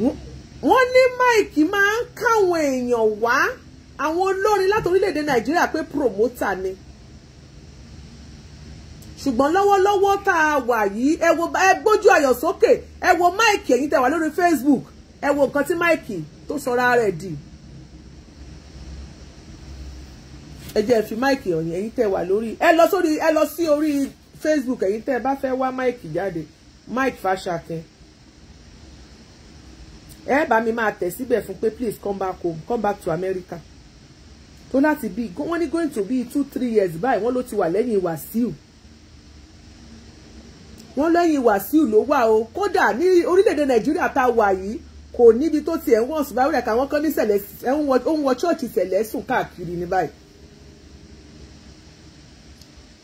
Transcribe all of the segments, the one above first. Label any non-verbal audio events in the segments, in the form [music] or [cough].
wọ́n ní Mike máa ń káwọn èèyàn wá àwọn olórin láti orílẹ̀-èdè Nàìjíríà pé promoter ni ṣùgbọ́n lọ́wọ́lọ́wọ́ tá a wà yìí ẹ wo ẹ gbójú ayọ̀ sókè ẹ wo Mike ẹ̀yin tẹ́ wà lórí Facebook ẹ wo nǹkan tí Mike tó sọra rẹ̀ di ẹ jẹ́ fi Mike ọ̀yìn ẹ̀yin tẹ́ wà lórí ẹ lọ sórí ẹ lọ sí orí Facebook ẹ̀yin tẹ́ bá fẹ́ wá Mike jáde Mike Fashakin ẹ bá mi máa tẹ̀ síbẹ̀ fún pé please come back home come back to America tó láti bí wọ́n ní going to be two three years báyìí wọ́n ló ti wà lẹ́yìn Wàsíù wọ́n lẹ́yìn Wàsíù ló wà o kódà ní orílẹ̀-èdè Nàìjíríà tá a wà yìí kò níbi tó ti ẹ̀ ń wọ̀n sùn báyìí rẹ̀ káwọn kan ní sẹ̀lẹ̀ ń wọ ṣọ́ọ̀ṣì sẹ̀lẹ̀ sùn káàkiri ní báyìí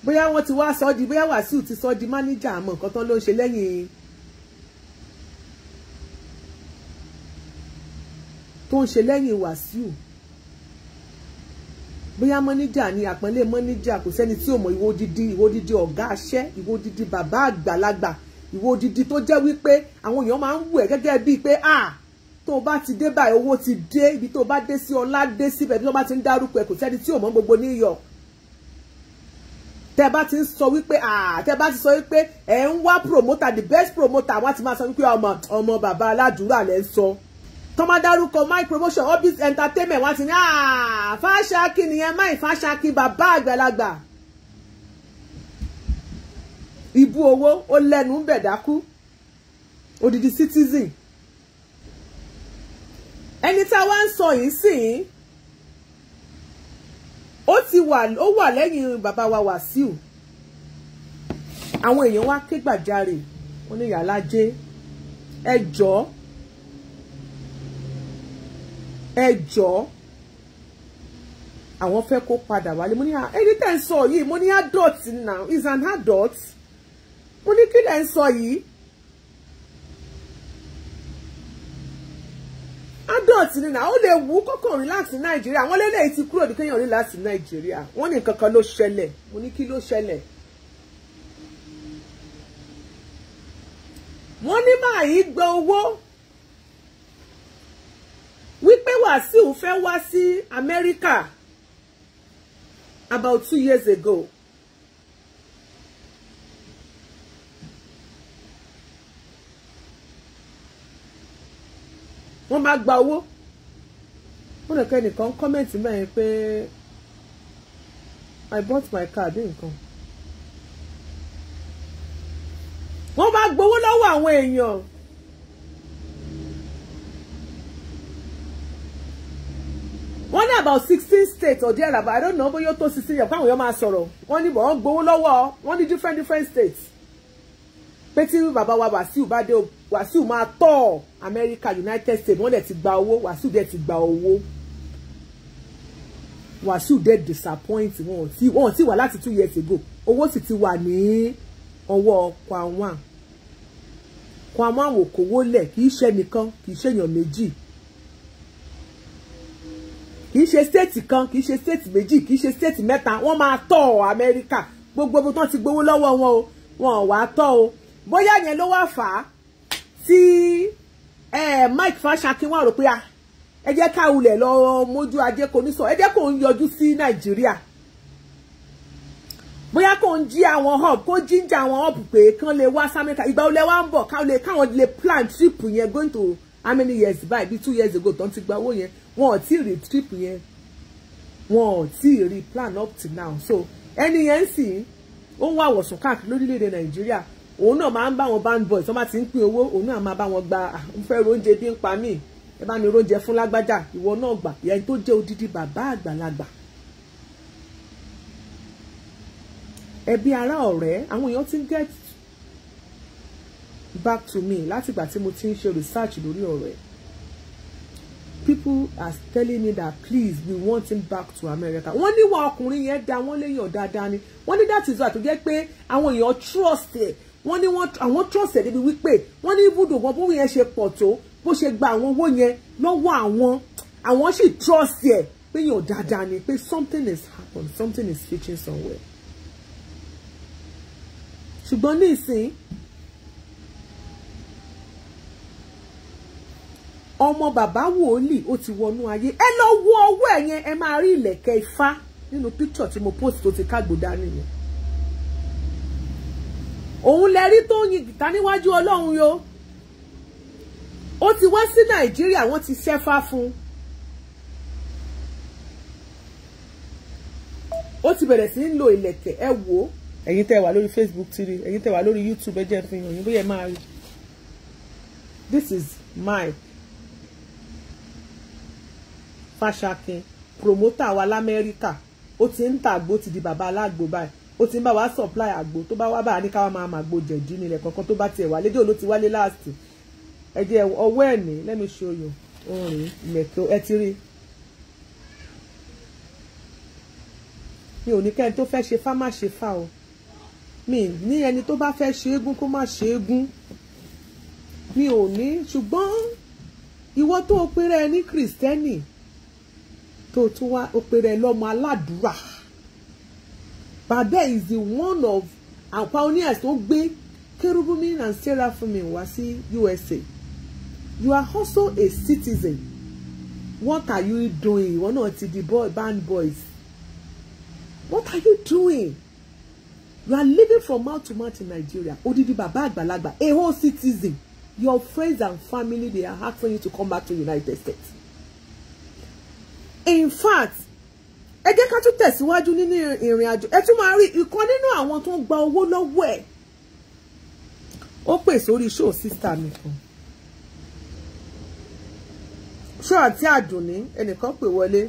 bóyá wọ́n ti wá sọ di bóyá Wàsíù ti sọ di mánéjà àmọ́ nǹkan tán ló ń ṣe lẹ́yìn tó ń ṣe lẹ́yìn Wàsíù bóyá mọ́níjà ni àpọ́nlé mọ́níjà kò sẹ́ni tí ò mọ̀ ìwọ odidi ìwọ didi ọ̀gá aṣẹ́ ìwọ didi bàbá àgbàlagbà ìwọ odidi tó jẹ́ wípé àwọn èèyàn máa ń wù ẹ́ gẹ́gẹ́ bíi pé ah tó o bá ti dé báyìí owó ti dé ibi tó o bá dé sí ọlá dé síbẹ̀ bí wọ́n bá ti ń dárúkọ ẹ̀ kò sẹ́ni tí ò mọ̀ gbogbo New York tẹ bá ti ń sọ wípé tẹ bá ti sọ wípé ẹ ń wá promoter the best promoter wọ́n ti máa sọ wípé ọmọ ọmọ bàbá aládùúrà lẹ́ ń sọ. So tó máa dárúkọ my promotion hobbies entertainment wọ́n ti ní ah, fáṣákì nìyẹn máì fáṣákì bàbá àgbàlagbà ibú owó ó lẹ́nu ń bẹ̀dákú odidi citizen ẹni tá a wá ń sọ yìí sìn ó ti wà ó wà lẹ́yìn bàbá wa Wàsíù àwọn èèyàn wá ké gbàjarè oníyàlájẹ ẹ jọ̀ọ́ ẹ jọ̀ọ́ àwọn fẹ́ kó padà wálé mo ní ah, ẹni tẹ́ ń sọ yìí mo ní adult now is an adult mo ní kí lẹ́ ń sọ yìí adult ni na ó lè wú kọ́kọ́ relax ní nàìjíríà àwọn eléyìí ti kúrò ní kéèyàn relax ní nàìjíríà wọ́n ní nǹkan kan ló ṣẹlẹ̀ mo ní kí ló ṣẹlẹ̀ wọ́n ní máa yí gbọ́ owó wípé Wàsíù fẹ́ wá sí Amẹ́ríkà about two years ago. wọ́n máa gba owó wọ́n lè kọ́ ẹnìkan kọ́mẹ̀ntì mẹ́rin pé I bought my car dé nǹkan. wọ́n máa gbowó lọ́wọ́ àwọn èèyàn. wọ́n ní about sixteen states or there about I don't know bóyá ó tó sixteen yẹn káwọn èèyàn máa sọ̀rọ̀ wọ́n ní wọ́n gbowó lọ́wọ́ wọ́n ní different different states pé tí bàbá wa Wàsíù bá dé Wàsíù máa tọ̀ America United States wọ́n dẹ̀ ti gba owó Wàsíù dẹ̀ ti gba owó Wàsíù dẹ̀ disappoint wọn ti wọn ti wà láti two years ago owó sì ti wà ní ọwọ́ Kwan Wan Kwan Wan wò kówó lẹ̀ kì í ṣe nìkan kì í ṣèyàn méjì kì í ṣe stéètì kan kì í ṣe stéètì méjì kì í ṣe stéètì mẹ́ta wọ́n máa tọ̀ amẹ́ríkà gbogbo ibi tán ti gbowó lọ́wọ́ wọn o wọn ò wá tọ́ o bóyá yẹn ló wá fà á tí Mike Fashakin wà rò pé a ah, ẹ jẹ́ ká wulẹ̀ lọ mójú ajé kò ní sọ ẹ jẹ́ kó ń yọjú sí Nàìjíríà bóyá kò ń jí àwọn hub kó jíjà àwọn hub pé kán lè wá sáméka ìgbà olè wa ń bọ̀ káwọn lè plan trip yẹn going to how many years báyìí Be two years ago Don't ń ti gba owó yẹn wọn ò tí ì rí trip yẹn wọn ò tí ì rí plan up till now so ẹni yẹn ń sìn ó ń wá àwọ̀sùn káàkiri lórílẹ̀‐èdè nàìjíríà òun náà máa ń bá wọn band boys wọ́n ba? ti ń pín owó òun náà máa bá wọn gba n ah, fẹ́ róúnjẹ bí ń pa mí ẹ bá mi róúnjẹ fún lágbájá ìwọ náà gbà ìyẹn tó jẹ́ odidi bàbá àgbàlagbà ẹbí ará ọ̀rẹ́ àwọn èèyàn ti get back to me látìgbà tí mo ti ń ṣe research lórí ọ̀rọ̀ ẹ̀ people are telling me that please we want him back to America wọ́n níwà ọkùnrin yẹn da wọ́n léèyàn dáadáa ni wọ́n ní that is why tó jẹ́ pé àwọn èèyàn trust ẹ̀ wọ́n ní àwọn trust ẹ̀ débi wípé wọ́n ní ibùdó wọn bó yẹn ṣe pọ̀ tó bó ṣe gba àwọn owó yẹn lọ́wọ́ àwọn àwọn sì trust ẹ̀ pé yàn dáadáa ni pé something is happen something is fitting somewhere ṣùgbọ́n ní ìsìn ọmọ bàbá wòlíì ó ti wọnú ayé ẹ lọ wo ọwọ́ ẹ̀ yẹn ẹ máa rí ìlẹ̀kẹ̀ ifá nínú píkṣọ̀ tí mo post tó ti kágbó dání yẹn òun lẹ rí tó ń yin gìtá níwájú ọlọ́run yo ó ti wá sí nàìjíríà wọ́n ti ṣẹ́fá fún un ó ti bẹ̀rẹ̀ sí ń lo ìlẹ̀kẹ̀ ẹ wò ó ẹ̀yin tẹ́ wà lórí facebook tiri ẹ̀yin tẹ́ wà lórí youtube ẹ jẹ́ fi hàn yín bóyá ẹ máa rí this is mine fàṣàkín promoter wa lamẹ́ríkà ó ti ń ta àgbo ti di bàbá aláàgbo báyìí ó ti ń bá wa supply àgbo tó bá wá bá a ní káwa máa máa gbo jẹ̀dí nílẹ̀ kankan tó bá tiẹ̀ wá lédè ló wálé last ẹ̀jẹ̀ ọwọ́ ẹ̀ ní let me show you orin mẹ́tò ẹ ti rí mi ò ní kẹ́ni tó fẹ́ ṣe fá má ṣe fá o mi ní ẹni tó bá fẹ́ ṣe égún kó má ṣe égún mi ò ní ṣùgbọ́n ìwọ tó o péré ẹ kìrìsìtẹ́nì tó tún wá ó pe rẹ lọ́mọ aládùúrà bàbá is the one of àwọn pioneers tó gbé Kerubimi and Seraphimi wá sí USA you are also a citizen what are you doing ìwọ náà ti di boy band boys what are you doing you are living from mouth to mouth in Nigeria odidi bàbá àgbàlagbà a whole citizen your friends and family they are asking you to come back to United States in fact ẹ jẹ́ ká tún tẹ̀síwájú nínú ìrìn àjò ẹ tún máa rí ìkan nínú àwọn tó ń gba owó lọ́wọ́ ẹ̀ ó pè sórí ṣóò sísá mi kan ṣó àti àdùnní ẹnìkan pè wọlé.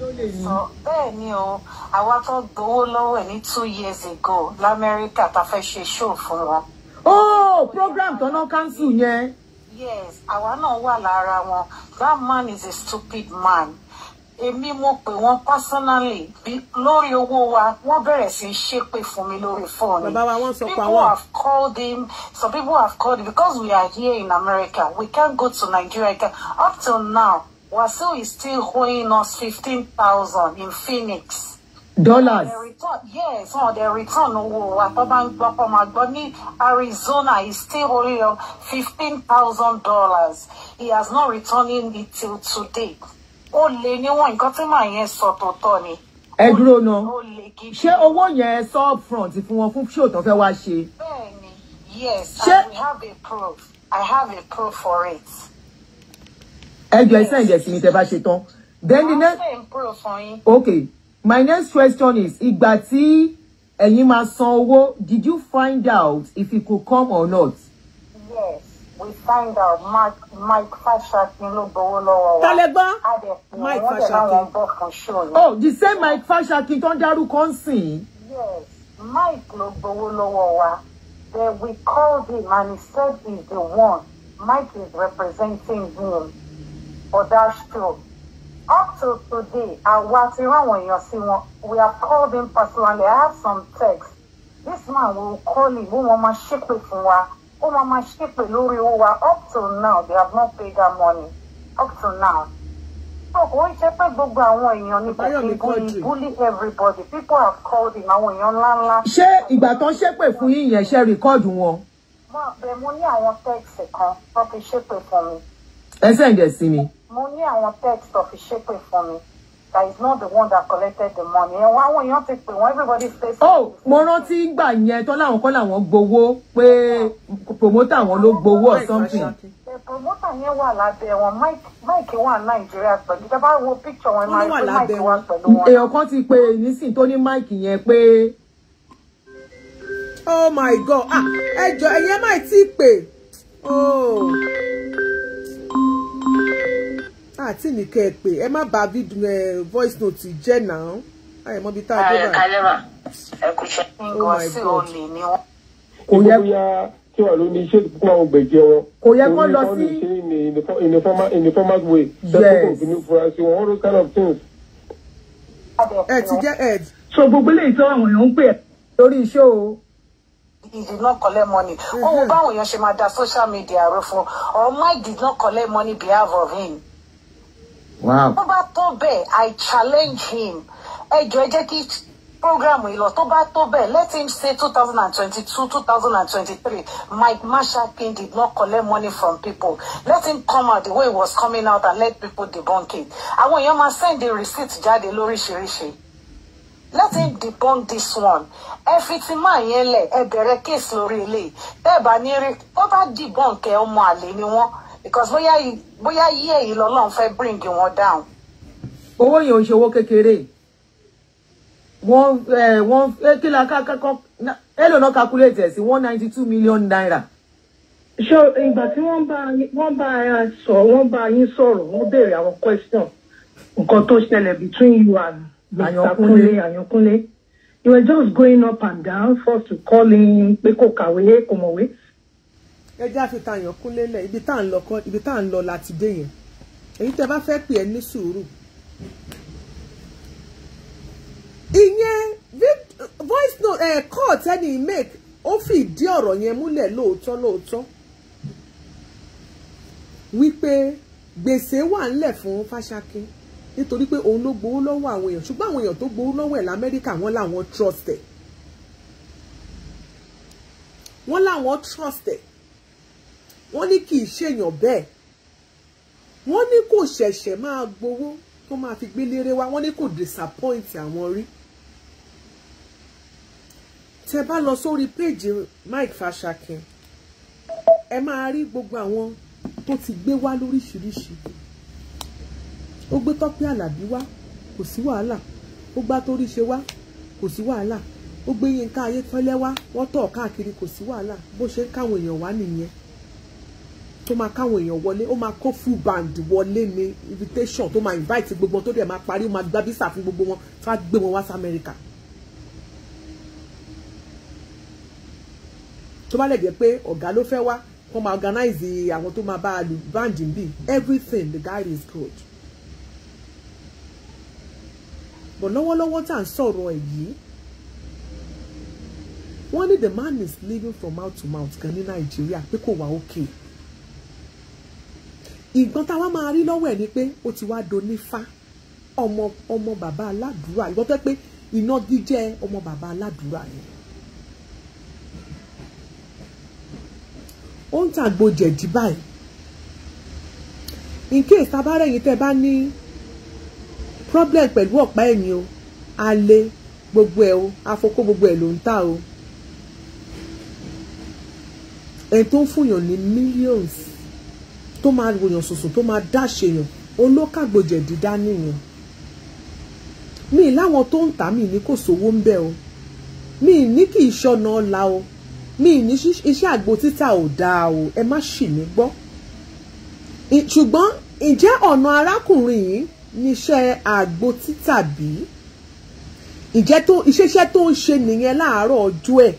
bẹ́ẹ̀ ni o àwa tó gbowó lọ́wọ́ ẹ̀ ní two years ago lamẹ́ríkà tá a fẹ́ ṣe ṣóò fún wọn. ó oh, program tọ́nà kánsù yẹn yes àwa náà wà lára wọn that man is a stupid man èmi mo pè wọn personally bí lórí owó wa wọ́n bẹ̀rẹ̀ sí í ṣépè fún mi lórí fóònù people have called him some people have called him because we are here in America we can't go to Nigeria up till now Wasu is still owing us fifteen thousand in Phoenix dollars. yes wọn oh, the return owó oh, wa tó bá ń gbọ́ pọ̀ máa gbọ́ ní Arizona he still only on fifteen thousand dollars he has not returned it till today ó lé níwọ̀n nǹkan tí màá yẹn sọ tọ̀tọ̀ ni. ẹ dúró ná ṣé owó yẹn sọ front fún wọn fún ṣòtọ́ fẹ́ wá ṣe. bẹ́ẹ̀ni yes ṣé... and we have a proof i have a proof for it. ẹ jọ ẹ sẹ́yìn jẹ̀ sí mi tẹ́ bá ṣe tán. then the next. ok my next question is ìgbà tí ẹ̀yin máa san owó did you find out if he could come or not. yes we find out mike mike fashakin ló gbowó lọ́wọ́ wa. talẹgbọn mike fashakin oh the same mike fashakin tó ń dárúkọ ń yes mike ló gbowó then we called him and he said he's the one mike is representing him for that show up to today àwa ti rán àwọn èèyàn sí wọn we have called him personally i have some text this man will call him ó wọn máa ṣépè fún wa ó wọn máa ṣépè lórí owó wa up to now they have not paid that money up to now kò ń ṣe pé gbogbo àwọn èèyàn ní kẹ̀kẹ́ bully bully everybody people have called him àwọn èèyàn ńláńlá. ṣé ìgbà tán ṣépè fún yín yẹn ṣe rìkọ́ọ̀dù wọn. bẹ́ẹ̀ mo ní àwọn text kan tó fi ṣépè fún mi. ẹ sẹ́ǹdẹ̀ sí mi mo ní àwọn text of ìṣépè fún mi that is not the one that collected the money ẹ wọn àwọn èèyàn ti pè wọn everybody stay safe. Oh, mo rántí gbà yẹn tó láwọn kọ́ làwọn gbowó pé promoter wọn ló gbowó or something. the promoter yẹn wà lábẹ́ wọn mike wà nàìjíríà pẹ̀lú tẹ́ bá wo picture wọn máa ń pè mike wà pẹ̀lú wọn. èèyàn kan ti pe nísìn tó ní mike yẹn pé. oh my god ah ẹ jọ ẹyẹ máì tí pè. oh àti ah, ní kẹ́ ẹ pé ẹ má bà voice note jẹ́ náà àyè mọ́bi tá a dé báyìí. alẹ́ mà ẹ kò ṣe ń gbọ́ sí olè ni wọ́n. kò yẹ kó tí wà ló ní iṣẹ́ ìdúpọ̀ àwọn gbẹ̀jẹ̀ wọn. kò yẹ kó lọ sí. in a formal in a formal way. yes all those kind of things. ẹ ti jẹ́ ed. so gbogbo eléyìí tó àwọn èèyàn ń pè é lórí iṣẹ́ o did not collect money. Ó wo báwọn èèyàn ṣe máa da social media Oh fún Mike did not collect money behalf of him tó bá tó bẹ́ẹ̀ I challenge him ẹ jọ ẹ jẹ́ kí programu yìí tó bá tó bẹ́ẹ̀ let him say 2022, 2023. Mike twenty King did not collect money from people let him come out the way he was coming out and let people debunk it àwọn èèyàn máa send the receipt jáde lóríṣiríṣi let him debunk this one ẹ fi ti máa yẹn lẹ̀ ẹ bẹ̀rẹ̀ case lórí ilé tẹ́ẹ̀ bá ní rí tó bá debunk ẹ ọmọ àlè ni wọ́n because bóyá bóyá yí èyí lọ́lọ́run fẹ́ bring wọn down. owó yẹn ò ṣe owó kékeré wọ́n wọ́n kí la kákọ́ èlò náà calculate ẹ̀ sí one ninety two million naira. ṣé ìgbà tí wọ́n bá wọ́n bá sọ wọ́n bá yín sọ̀rọ̀ wọ́n béèrè àwọn question nǹkan tó ṣẹlẹ̀ between you and Mr. Kunle Ayankunle you were just going up and down forced to call in pé kò kàwé kò mọ̀wé ẹ jẹ́ àfi tayàn kún lélẹ̀ ibi tá à ń lọ kọ́ ibi tá à ń lọ láti dé yẹn èyí tẹ́ bá fẹ́ pè é ní sùúrù. ìyẹn voice note ẹ̀ kọ́ ọ̀tẹ́ni make ó fi ìdí ọ̀rọ̀ yẹn múlẹ̀ lóòótọ́ lóòótọ́ wípé gbèsè wà ńlẹ̀ fún Fáṣákí nítorí pé òun ló gbowó lọ́wọ́ àwọn èèyàn ṣùgbọ́n àwọn èèyàn tó gbowó lọ́wọ́ ẹ̀ l'Amẹ́ríkà wọ́n làwọn trust ẹ̀ wọ́n làwọn trust ẹ̀ wọ́n ní kì í ṣèyàn bẹ́ẹ̀ wọ́n ní kò ṣẹ̀ṣẹ̀ máa gbowó tó máa fi gbélére wá wọ́n ní kò disappoint àwọn rí tẹ bá lọ sórí péjì Mike Fashakin ẹ máa rí gbogbo àwọn tó ti gbé wá lóríṣiríṣi ó gbé Tọ́pẹ́ Àlàbí wá kò sí wàhálà ó gbá torí ṣe wá kò sí wàhálà ó gbé Yínká Ayétọ́lẹ́ wá wọ́n tọ̀ káàkiri kò sí wàhálà bó ṣe ń káwọn èèyàn wá nìyẹn tó máa káwọn èèyàn wọlé ó máa kó full band wọlé ní invitation tó máa invite gbogbo wọn tó dẹ̀ máa parí ó máa gba visa fún gbogbo wọn tó á gbé wọn wá sí Amẹ́ríkà. tó bá lè jẹ́ pé ọ̀gá ló fẹ́ wá wọ́n máa organize àwọn tó máa bá a lu band ń bì everything the guy is good. but lọ́wọ́lọ́wọ́ tá à ń sọ̀rọ̀ ẹ̀ yìí wọ́n ní the man is living from mouth to mouth gan ní Nàìjíríà pé kò wá okay ìgbọ́n táwa máa rí lọ́wọ́ ẹ̀ ni pé ó ti wá do nífá ọmọ ọmọ bàbá aládùúrà ìgbọ́n pẹ́ pé iná jíjẹ́ ọmọ bàbá aládùúrà ni. ó ń tàgbo jẹ̀dí báyìí in case tabárẹ̀yìn tẹ́ bá ní problem pẹ̀lú ọ̀pá ẹ̀yìn o alẹ́ gbogbo ẹ̀ o afọkó gbogbo ẹ̀ ló ń tà o ẹ̀ tó ń fúnyàn ní millions tó máa wòyàn sùnsùn tó máa dáṣe yàn olókàgbọ̀jẹ̀ dídá nìyẹn mi láwọn tó ń tà mí ní kò sówó ń bẹ o mi ní kì í ṣọ̀nà ọ̀la o mi ní iṣẹ́ àgbo títà ò dáa o ẹ má ṣì mí gbọ́ ṣùgbọ́n ǹjẹ́ ọ̀nà arákùnrin yìí níṣẹ́ àgbo títà bí ìjẹ́ tó iṣẹ́ṣẹ́ tó ń ṣe nìyẹn láàárọ̀ ọjọ́ ẹ̀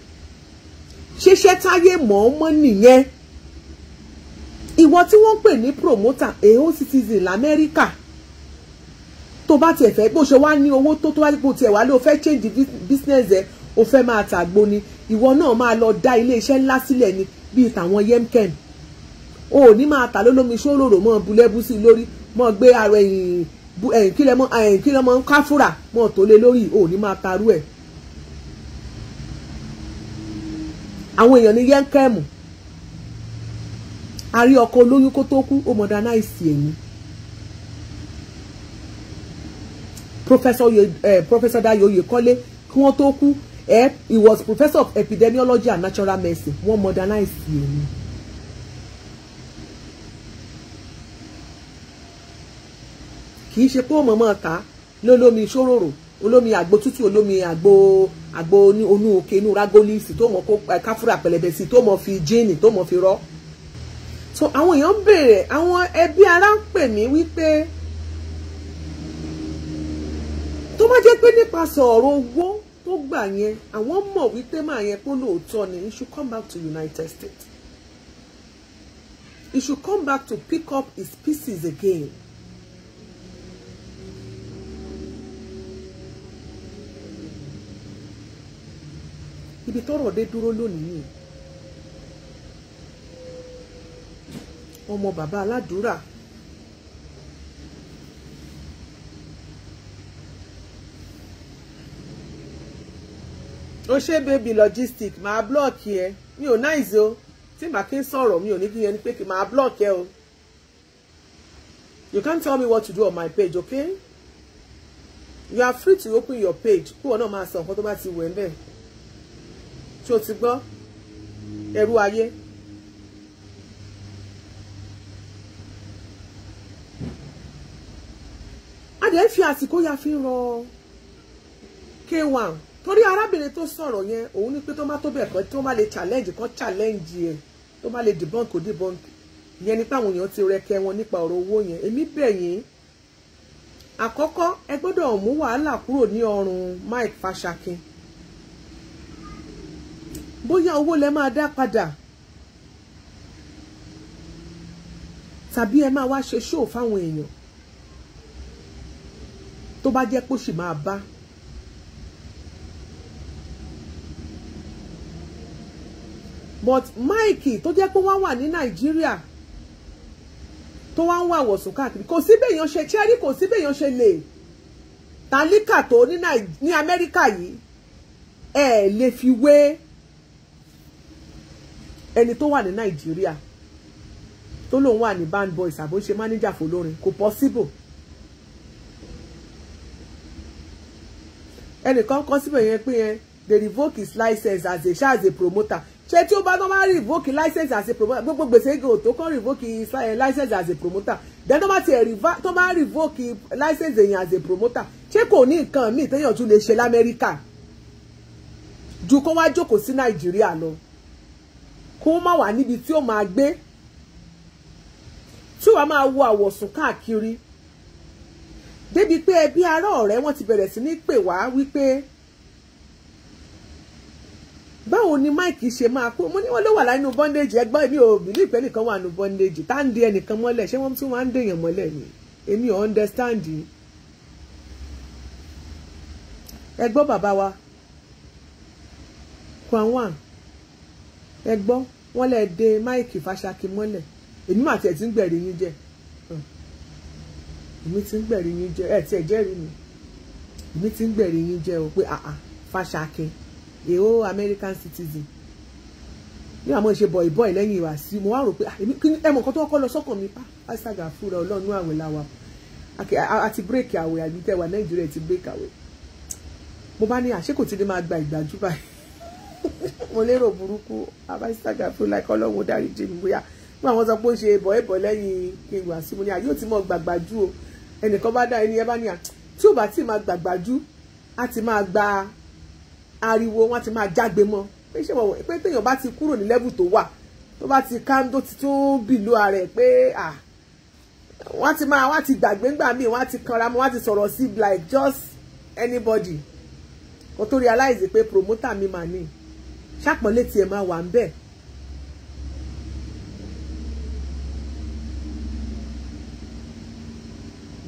ṣiṣẹ́ táyé mọ̀ọ́mọ́ nìyẹn ìwọ tí wọ́n ń pè ní promoter èho citizen lamẹ́ríkà tó bá tiẹ̀ fẹ́ bó ṣe wá ní owó tó tó wá bó tiẹ̀ wá lé o fẹ́ change business ẹ̀ o fẹ́ máa tàgbo ni ìwọ náà máa lọ dá iléeṣẹ́ ńlá sílẹ̀ ni bíi tàwọn yemkem o ò ní máa tà lólómi ṣólòrò mọ́ bulẹ́bù sí lórí mọ́ gbé ara ẹ̀yìn kílẹ̀ mọ́ kílẹ̀ mọ́ káfúrà mọ́ tó lé lórí o ò ní máa tarú ẹ̀ àwọn èèyàn ní yemkem a rí ọkọ olóyún kó tó kú ó modernize ẹ̀yìn professor eh, professor Dayo Oyèkọ́lé kí wọ́n tó kú eh, he was professor of epidemiology and natural medicine wọ́n modernize ẹ̀yìn. kì í ṣe pé òmò máa ta ní olómi ṣòròrò olómi àgbo tútù olómi àgbo àgbo onú òkè inú ragolisi tó mọ kó eh, káfúrà pẹlẹbẹ tó mọ fi jíìnì tó mọ fi rọ so àwọn èèyàn ń béèrè àwọn ẹbí ara ń pè mí wípé tó bá jẹ́ pé nípasẹ̀ ọ̀rọ̀ owó tó gbà yẹn àwọn mọ̀ wípé màá yẹn pé lóòótọ́ ni you should come back to United States you should come back to pick up his pieces again. ibi tọ́rọ̀ dé dúró lónìí yìí wọ́n mọ bàbá aládùúrà ó ṣe baby logistic máa blọọkì ẹ mi ò náìsí o tí màá kí ń sọ̀rọ̀ mi ò ní kíyẹn ni pé kí blọọkì ẹ o you can't tell me what to do on my page okay you are free to open your page kí wọn náà máa sọ nǹkan tó bá ti wẹ̀ ń bẹ̀ tí o ti gbọ́ ẹrú ayé. dẹ̀ fi àsìkò ya fi rọ K1 torí arábìnrin tó sọ̀rọ̀ yẹn òun ni pé tó má tó bẹ̀ kan tó má lè challenge kan challenge ẹ̀ tó má lè debunk kò debunk ìyẹn nípa àwọn èèyàn ti rẹkẹ wọn nípa ọ̀rọ̀ owó yẹn èmi bẹ̀ yín àkọ́kọ́ ẹ gbọ́dọ̀ mú wàhálà kúrò ní ọrùn Mike Fashakin bóyá owó lẹ máa dá padà tàbí ẹ máa wá ṣe ṣóò fáwọn èèyàn tó bá jẹ́ pé máa bá but Mike tó jẹ́ pé wọ́n wà ní Nàìjíríà tó wá ń wà wọ̀sùn káàkiri kò síbẹ̀ èèyàn ṣe cherry kò síbẹ̀ èèyàn ṣe lè tálíkà tó ní Amẹ́ríkà yìí ẹ lè fi wé ẹni tó wà ní Nàìjíríà tó lóun wà ní band boys àbó ṣe mánéjà fọlọ́rin kò possible. ẹnìkan kọ́ síbẹ̀ yẹn pé yẹn they revoke his license as a ṣá as a promoter ṣé tí ó bá tó máa revoke license as a promoter gbogbo gbèsè gò tó kàn revoke his eh, license as a promoter then tó bá tiẹ̀ tó máa revoke license èèyàn as a promoter ṣé kò ní nǹkan míì téèyàn tún lè ṣe lamẹ́ríkà ju kó wá jókòó sí nàìjíríà lọ kó má wà níbi tí ó máa gbé tí wàá máa wo àwọ̀sùn káàkiri débi pé ẹbí ará ọ̀rẹ́ wọn ti bẹ̀rẹ̀ sí ní pè wá wípé báwo ni Mike ṣe máa kú mo ní wọn ló wà láì nù bondage ẹgbọ́n èmi ò bí nípẹ́ nìkan wà nù bondage tá ń de ẹnìkan mọ́lẹ̀ ṣé wọ́n tún máa ń dèèyàn mọ́lẹ̀ ni èmi ò understand ẹ gbọ́ bàbá wa kwan wan ẹ wọ́n lè de Mike Fáṣákí mọ́lẹ̀ èmi mà tiẹ̀ ti ń gbẹ̀rí yín jẹ́ èmi ti ń gbẹ̀rí yín jẹ́ ẹ̀ tí ẹ̀ jẹ́rìí mi èmi ti ń gbẹ̀rí yín jẹ́ o pé àà fàṣàkẹ́ èho American citizen ní àmọ́ ìṣe bọ̀ ìbọ̀ ìlẹ́yìn ìwà sí mo wá rò pé ẹmọ kan tó kọ́ lọ sọ́kàn mi pásítàgà ah, fúnra ọlọ́run àwẹ̀ làwà àti bírèkì àwẹ̀ àgbìtẹ́ wà Nàìjíríà ti bírèkì àwẹ̀ mo bá ní àṣé kò ti ní máa gba ìgbàjú báyìí [laughs] mo lérò burúkú pásítàgà fúnra ẹ̀kọ́ lọ́wọ́ dárí jẹ́ mi bóyá nígbà wọn sọ pé ó ṣe bọ̀ ìbọ̀ lẹ́yìn ìwà sí mo ní àyè ò ti mọ̀ gbàgbàjú o ẹnìkan bá dá ẹni yẹn bá ní à tí ò bá ti máa gbàgbájú á ti máa gba ariwo wọn á ti máa jágbe mọ́ pé ṣé wọn pé téèyàn bá ti kúrò ní level tó wà tó bá ti kándó ti tó bìlú ààrẹ pé à wọn á ti máa wọn á ti gbàgbé ńgbà míì wọn á ti kanra mọ́ wọn á ti sọ̀rọ̀ sí like just anybody kó tó realize pé promoter mi mà ní ṣàpọ̀lé tiẹ̀ máa wà ń bẹ́ẹ̀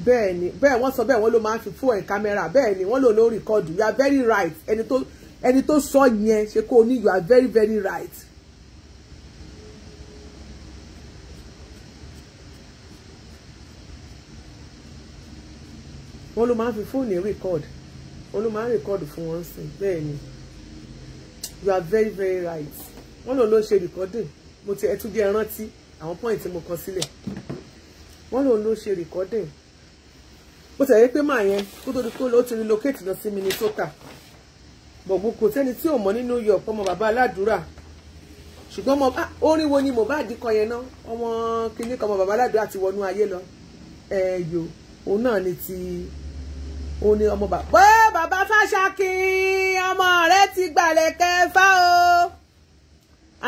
bẹ́ẹ̀ ni bẹ́ẹ̀ wọ́n sọ bẹ́ẹ̀ wọ́n ló máa ń fi fún ẹ̀ kámẹ́rà bẹ́ẹ̀ ni wọ́n lò ló rìkọ́dù you are very right ẹni tó ẹni tó sọ yẹn ṣe kó o ní you are very very right. wọ́n ló máa ń fi fóònù rìkọ́dù wọ́n ló máa ń rìkọ́dù fún wọn sí bẹ́ẹ̀ ni you are very very right wọ́n lò ló ṣe rìkọ́dù mo ti ẹ tún jẹ́ rántí àwọn pọ́ìntì mo kọ sílẹ̀ wọ́n lòun ló ṣe rìkọ́dìn bó ti yẹ pé màá yẹn kó tó di pé ó ti relocate lọ sí Minnesota bọ̀gbọ́n kò sẹ́ni tí ò mọ̀ ní New York ọmọ bàbá aládùúrà ṣùgbọ́n mo orin wo ni Mohbad kọ yẹn náà ọmọ kìíní kan ọmọ bàbá aládùúrà ti wọnú ayé lọ ẹ̀yọ́ òun náà ni ti ó ní ọmọ bàbá. pé bàbá Fáṣákin ọmọ rẹ ti gbàlẹ̀ kẹfà o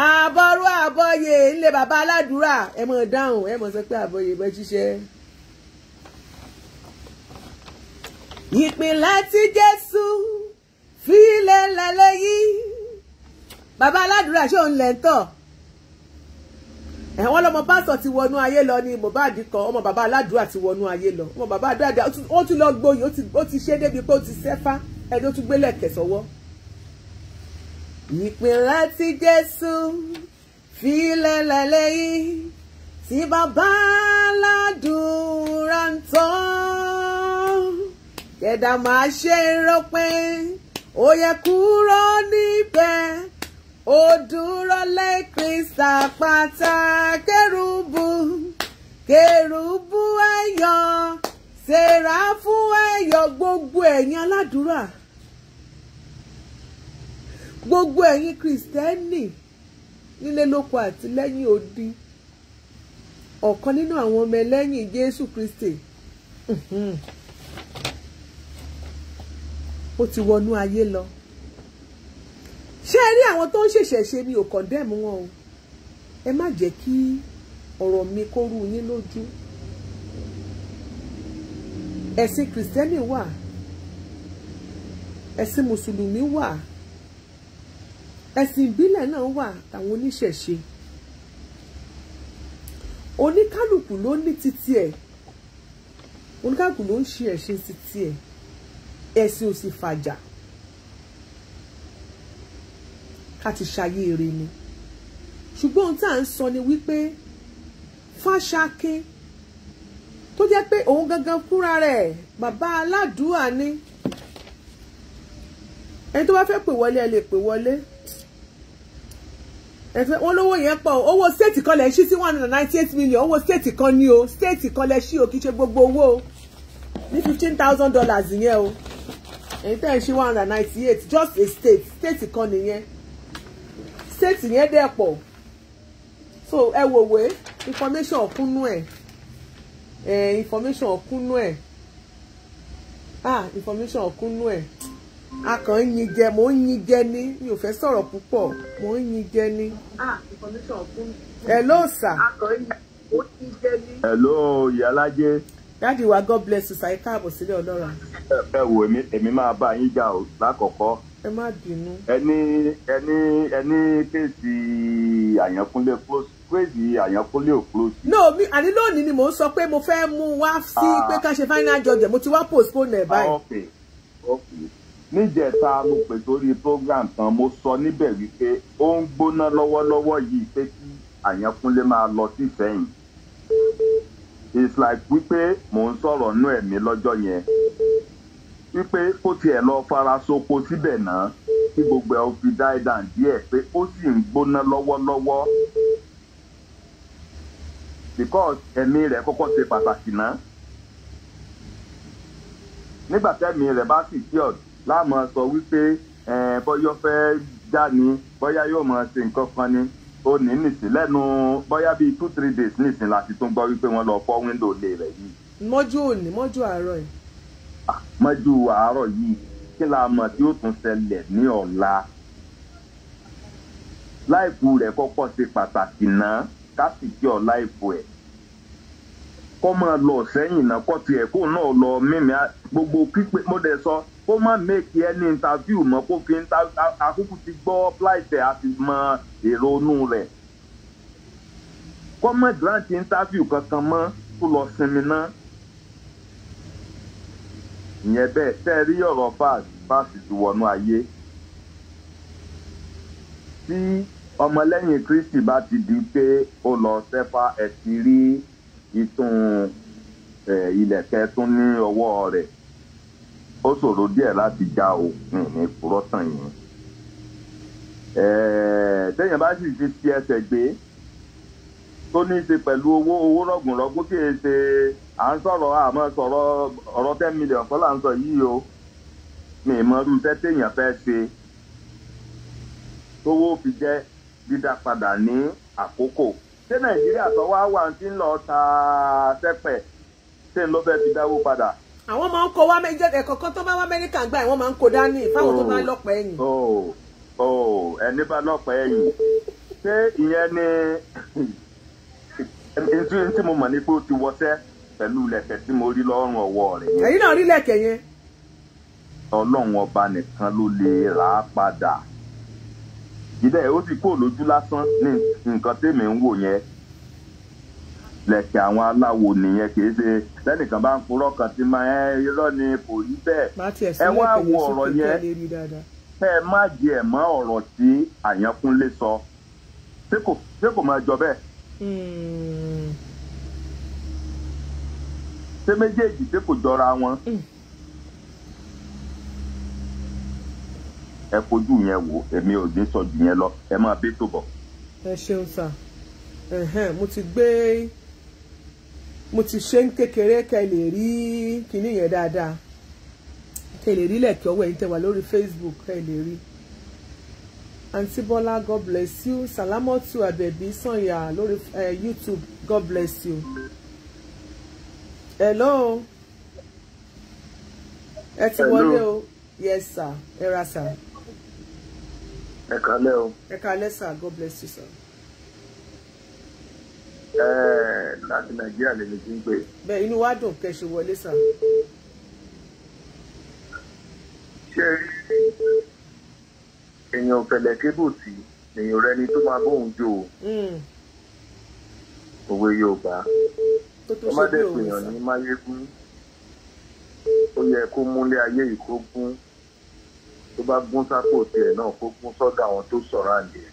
àbọ̀rú àbọ̀yè ńlẹ̀ bàbá aládùúrà ẹ mọ̀ dáhùn ẹ mọ̀ sọ pé àbọ̀yè bọ́ jíṣẹ́. ìpín láti Jésù fílẹ̀ lẹ́lẹ́ yìí bàbá aládùúrà ṣé òun lẹ̀ ń tọ̀ ẹ̀wọ́n pásọ̀ ti wọnú ayé lọ ni Mohbad kan ọmọ bàbá aládùúrà ti wọnú ayé lọ ọmọ bàbá aládùúrà ó tún lọ gboyè ó ti ṣe débi pé ó ti sẹ́fá ẹni ó tún gbélé ẹ̀kẹ́ sọ́wọ́. ìpín láti Jésù fílẹ̀ lẹ́lẹ́ yìí tí bàbá aládùúrà ń tọ́ kẹ̀dà máa ṣe rọpẹ́ ó yẹ kúrò níbẹ̀ ó dúró lẹ́kìrìsà pátá kérúbù kérúbù ẹ̀yọ́ ṣèrà fún ẹ̀yọ́ gbogbo ẹ̀yin aládùúrà gbogbo ẹ̀yin kìrìsìtẹ́nì nílé lóko àti lẹ́yìn odi ọ̀kan nínú àwọn ọmọ ẹlẹ́yìn Jésù Kristi ó ti wọnú ayé lọ ṣé ẹ rí àwọn tó ń ṣẹ̀ṣẹ̀ ṣe mi ò kọ̀ndẹ́mù wọn o ẹ má jẹ́ kí ọ̀rọ̀ mi kó rú yín lójú ẹ̀sìn kìrìsìtẹ́nì wà ẹ̀sìn mùsùlùmí wà ẹ̀sìn ìbílẹ̀ náà wà àwọn oníṣẹ̀ṣe oníkálùkù ló ní títí ẹ̀ oníkálùkù ló ń ṣe ẹ̀ṣin títí ẹ̀ ẹ̀sìn ò sì fàjà ká ti ṣayé eré ni ṣùgbọ́n ohun tá à ń sọ ni wípé Fáṣákẹ́ tó jẹ́ pé òun gangan kúra rẹ̀ bàbá aládùúà ni ẹni tó bá fẹ́ pè wọlé ẹ lè pè wọlé wọn lówó yẹn pọ̀ owó stéètì kan lẹ̀ ṣí sí one hundred ninety eight million owó stéètì kan ni o stéètì kan lẹ̀ ṣí o kì í ṣe gbogbo owó ní fifteen thousand dollars yẹn o èyí tẹ́ ẹ̀ ṣí one hundred ninety eight just a state state kan nìyẹn state yẹn dẹ̀ pọ̀ so ẹ wò wé information ọ̀kúnnú ẹ̀ ẹ̀ information ọ̀kúnnú ẹ̀ ah information ọ̀kúnnú ẹ̀ a kàn ń yin jẹ mò ń yin jẹ ni mi ò fẹ́ sọ̀rọ̀ púpọ̀ mò ń yin jẹ ni. ah information ọ̀kúnnú. hello sir. a kàn ń yin jẹ ni. hello ìyálájẹ́ dáàdì wa god bless you sàyí káàbọ̀ sílẹ̀ ọlọ́run. ẹ wo èmi èmi máa bá yín jà o lákọ̀ọ́kọ́. ẹ má bínú. ẹni ẹni ẹni kéèsì àyànkúnlé close kéèsì àyànkúnlé ò close. no mi àní lónìí ni mò ń sọ pé mo fẹ́ mú wá sí ah, pé ká ṣe final judge mo ti wá postpone ẹ̀ báyìí. ok ok níjẹta mo pè sórí program kan mo sọ níbẹ̀ wípé ó ń gbóná lọ́wọ́lọ́wọ́ yìí pé kí àyànkúnlé máa lọ sí Ìfẹ́yìn it's like wípé mò ń sọ̀rọ̀ nú ẹ̀mí lọ́jọ́ yẹn wípé kó tiẹ̀ lọ fara soko síbẹ̀ náà kí gbogbo ẹ̀ ó fi dáìdàn díẹ̀ pé ó sì ń gbóná lọ́wọ́lọ́wọ́ because ẹ̀mí rẹ̀ kọ́kọ́ ṣe pàtàkì náà nígbà tẹ́mi rẹ̀ bá sì sí ọ̀dọ̀ láàmú sọ wípé bọ́yọ́ fẹ́ já ni bọ́yá yóò mọ̀ ṣe nǹkan kan ni òní nìsí lẹ́nu bóyá bíi two three days nìsí láti tún gbọ́ wípé wọ́n lọ fọ́ wíńdò ilé rẹ̀ yìí. mọ́jú òní mọ́jú àárọ̀ yìí. mọ́jú àárọ̀ yìí kí la mọ̀ tí ó tún ṣẹlẹ̀ ní ọ̀la láìpù rẹ̀ kọ́kọ́ ṣe pàtàkì náà ká sì jẹ́ ọ̀la ìpù ẹ̀ kọ́ máa lọ sẹ́yìn náà kọ́ tiẹ̀ kó náà lọ mímí gbogbo pípé mọ́dẹ sọ kó má mèkì ẹni interview mọ́ kó fi àkókò ti gbọ́ láìpẹ́ àti mọ èrò inú rẹ̀ kó má grant interview kankan mọ́ kó lọ sinmi ná ìyẹn bẹ́ẹ̀ tẹ́ ẹ rí ọ̀rọ̀ pass pass ti wọnú ayé tí ọmọlẹ́yìn Kristi bá ti di pé ó lọ sẹ́fà ẹ̀ ti rí ìtún ilẹ̀kẹ́ tún ní ọwọ́ rẹ̀ ó ṣòro díẹ̀ láti já òkun ní púrọ́tàn yìí téèyàn bá sì ti fi ẹsẹ̀ gbé tó ní í ṣe pẹ̀lú owó owó rọ̀gùnrọ̀gùn kì í ṣe à ń sọ̀rọ̀ àmọ́ sọ̀rọ̀ ọ̀rọ̀ ten million kọ́ là ń sọ yìí o mi ì mọ irú iṣẹ́ téèyàn fẹ́ ṣe tówó fi jẹ́ dídá padà ní àkókò ṣé nàìjíríà tó wá wà ń ti ń lọ ta sẹ́pẹ̀ ṣé ń lọ fẹ́ fi dáwó padà àwọn máa ń kó wá méjì ẹ̀kọ̀ọ̀kan tó bá wá Amẹ́ríkà gbà wọ́n máa ń kó dání fáwọn tó bá oh, lọ́pàá ẹ̀yìn. Oh, oh, ẹni bá lọ́pàá ẹ̀yìn ṣé ìyẹn ni ẹni tí mo mọ̀ ní pé ó ti wọṣẹ́ pẹ̀lú lẹ̀kẹ̀ tí mo rí lọ́rùn ọwọ́ rẹ̀. ẹ̀yin náà rí lẹ̀kẹ̀ yẹn. ọlọ́run ọba nìkan ló lè rà á padà. ìdẹ́ ó ti kó lójú lásán ní nǹkan tèmi ń wò yẹn lẹ̀kẹ̀ àwọn aláwo nìyẹn kì kan tí máa ẹ irọ́ ni kò rí bẹ́ẹ̀ ẹ wá wo ọ̀rọ̀ yẹn ẹ má jẹ ẹ̀ mọ́ ọ̀rọ̀ tí Àyànkúnlé sọ ṣé kò máa jọ bẹ́ẹ̀ hmm. ṣé méjèèjì ṣé jọra wọn hmm. ẹ kojú yẹn wò èmi ò ní sọ jù yẹn lọ ẹ máa tó bọ. ẹ ṣeun sá mo ti gbé mo ti ṣe ń kékeré kẹ́ lè rí kinní yẹn dáadáa kẹ́ lè rí lẹ̀kẹ́ ọwọ́ ẹ̀yin tẹ́ wà lórí Facebook kẹ́ lè rí aunty Bọ́lá God bless you Salamatu Abẹ́bí Sànyà lórí uh, YouTube God bless you hello ẹ ti wọlé o yes sir ẹ ra sir ẹ kálẹ́ o ẹ kálẹ́ sir God bless you sir láti nàìjíríà lèmi ti ń pè. bẹ́ẹ̀ inú wa dùn kẹ́ ṣe wọlé sàn. ṣé èèyàn fẹlẹ kébù tí èèyàn rẹ ni tó máa bóun jò ó hmm. òwe yorùbá ọmọdé pèèyàn ní máyégún ó yẹ kó múlé ayé yìí kó gún tó bá gún sápò tiẹ̀ náà kó gún sọ́dọ̀ àwọn tó sọ̀rọ̀ àlè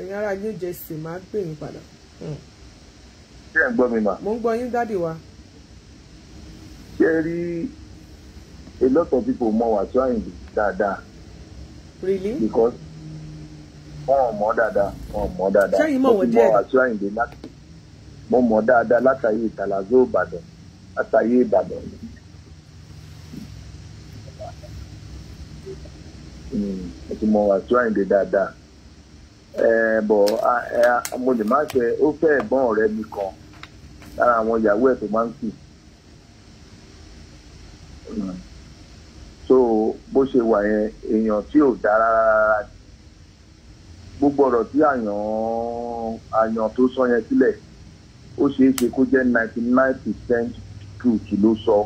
ẹ̀yin ará new jersey máa gbé yín padà. Hmm. ṣé ẹ̀ ń gbọ́ mi mà. mo ń gbọ́ yín dádì wa. ṣé ẹ rí a lot of people mọ Wasiu Ayinde dáadáa. really because wọn ò mọ dáadáa wọn ò mọ dáadáa. ṣé yìí mọ̀ wọ́n díẹ̀. mo ti mọ Wasiu Ayinde láti mo mọ̀ dáadáa látàyè ìtàlázó ìbàdàn látàyè ìbàdàn. Hmm, mo ti mọ Wasiu Ayinde dáadáa bọ̀ mo lè má ṣe ó fẹ́ ẹ̀gbọ́n ọ̀rẹ́ mi kan lára àwọn ìyàwó ẹ̀ tó máa ń sùn so bó ṣe wà yẹn èèyàn tí ò dáa rárá gbogbo ọ̀rọ̀ tí àyàn àyàn tó sọ yẹn sílẹ̀ ó ṣeé ṣe kó jẹ́ ninety nine percent truth ló sọ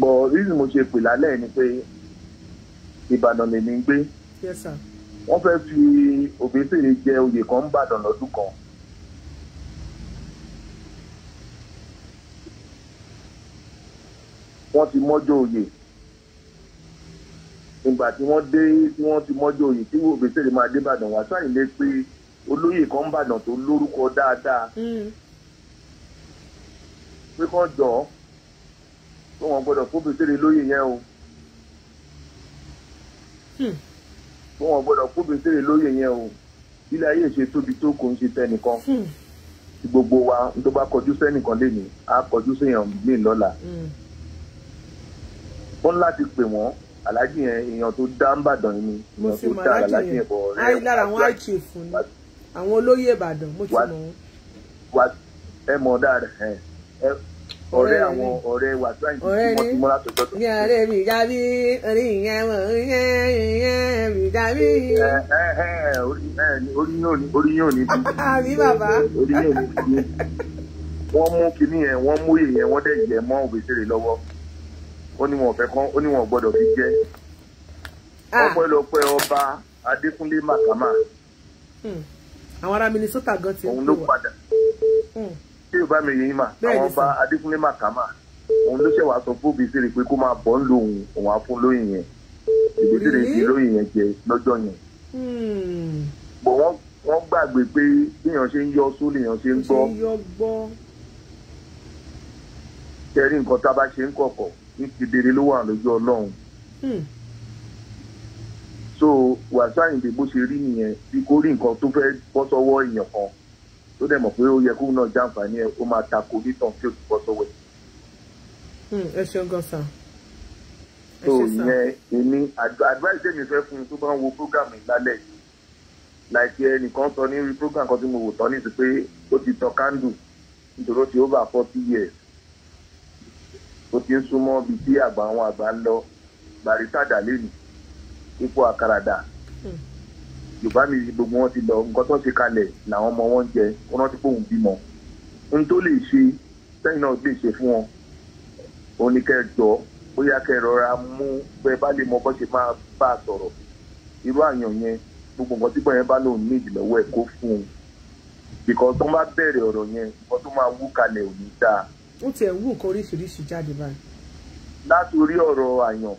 bọ̀ rízì mo ṣe pè lálẹ́ ni pé Ìbàdàn lèmi ń gbé. Yes sir. wọ́n fẹ́ fi Òbésèré jẹ oyè kan ń bàdàn lọ́dún kan. wọ́n ti mọ́jọ́ oyè ìgbà tí wọ́n dé tí wọ́n ti mọ́jọ́ oyè tí Òbésèré máa dé bàdàn wá sáyìn lé pé olóyè kan ń bàdàn tó lórúkọ dáadáa hmm. pé kán jọ ọ́ pé wọ́n fún Òbésèré lóyè yẹn o. Hmm pé wọn gbọ́dọ̀ kóbi tèrè lóye yẹn o ilé ayé ṣe tóbi tó kò ń ṣe tẹnìkan hmm. tí gbogbo wa tó bá kọjú sẹ́nìkan lénìí á kọjú séèyàn míì lọ́la hmm. wọ́n láti pè wọ́n aláàjì yẹn èèyàn tó dá ń bàdàn ni èèyàn tó dá aláàjì yẹn bọ̀ rẹ̀ wọ́n àwọn olóyè Ìbàdàn mo ti mọ̀ wọ́n. ẹ mọ̀ dáadáa ọ̀rẹ́ àwọn ọ̀rẹ́ wà tí wọ́n ti mọ́ látọjọ́ tó. ìyá rẹ̀ mi jábí orí ìyá mọ̀ ìyẹn ìyẹn mi jábí. orí yóò ní orí yóò ní. [laughs] àbí bàbá. orí yóò ní bí wọ́n mú kinní yẹn wọ́n mú èyí yẹn wọ́n dẹ̀ yẹ mọ́ òbèsè rẹ̀ lọ́wọ́ ó ní wọn fẹ́ kán ó ní wọn gbọ́dọ̀ fi jẹ́ ọpẹ́lọpẹ́ ọba Adékúnlé Màkàmá. Hmm. àwọn ará Minnesota gan ti ń pè wá. òun ló padà. Hmm tí yóò bá mi yìí mà àwọn ọba adékúnlé màkàmà òun ló ṣẹ̀wá sọ fún òbí sílẹ̀ pé kó máa bọ̀ ń lo òun àfún lóyìn yẹn ìgbésí rẹ̀ fi lóyìn yẹn jẹ lọ́jọ́ yẹn. Hmm. bọ̀ wọ́n wọ́n gbàgbé pé bíyàn ṣe ń yọ só lèèyàn ṣe ń gbọ́. kẹrí nǹkan tá a bá ṣe ń kọ̀kọ̀ ní kedere ló wà lójú ọlọ́run. Hmm. so Wasiu Ayinde bó ṣe rí nìyẹn bí kò rí nǹkan tó fẹ́ bọ́ sọ́wọ́ èèyàn kan tó dẹ̀ mọ̀ pé ó yẹ kóun náà jàǹfààní ẹ̀ ó máa tako onítàn tí ó ti bọ́ sọ́wọ́ ẹ̀. Hmm, ẹ ṣeun gan sa. so ìyẹn èmi advice èmi fẹ́ fún un tó bá ń wo program yìí lálẹ́ yìí láìpẹ́ eh, ẹnìkan sọ ní orí program kan tí mo wò tán ní ti pé ó ti tọ kándù nítorí ó ti over forty years ó ti ń súnmọ́ bíi tí àgbà àwọn àgbà ń lọ gbàrí tàdá lẹ́nu ipò àkàràdà yorùbá mi gbogbo wọn ti lọ nǹkan tó ṣe kalẹ̀ làwọn ọmọ wọn ń jẹ wọn rántí pé òun bímọ ohun tó lè ṣe sẹ́yìn náà lè ṣe fún wọn òun ni kẹ́ ẹ jọ bóyá kẹ́ ẹ rọra mú bẹ́ẹ̀ bá lè mọ bó ṣe máa bá a sọ̀rọ̀ irú àyàn yẹn gbogbo nǹkan tí bọ̀ yẹn bá lòun ní ìdìlọ́wọ́ ẹ̀ kó fún un because tó bá bẹ̀rẹ̀ ọ̀rọ̀ yẹn nǹkan tó máa wú kalẹ̀ ò dáa. ó tiẹ̀ wú nǹkan oríṣiríṣi jáde báyìí. láti orí ọ̀rọ̀ àyàn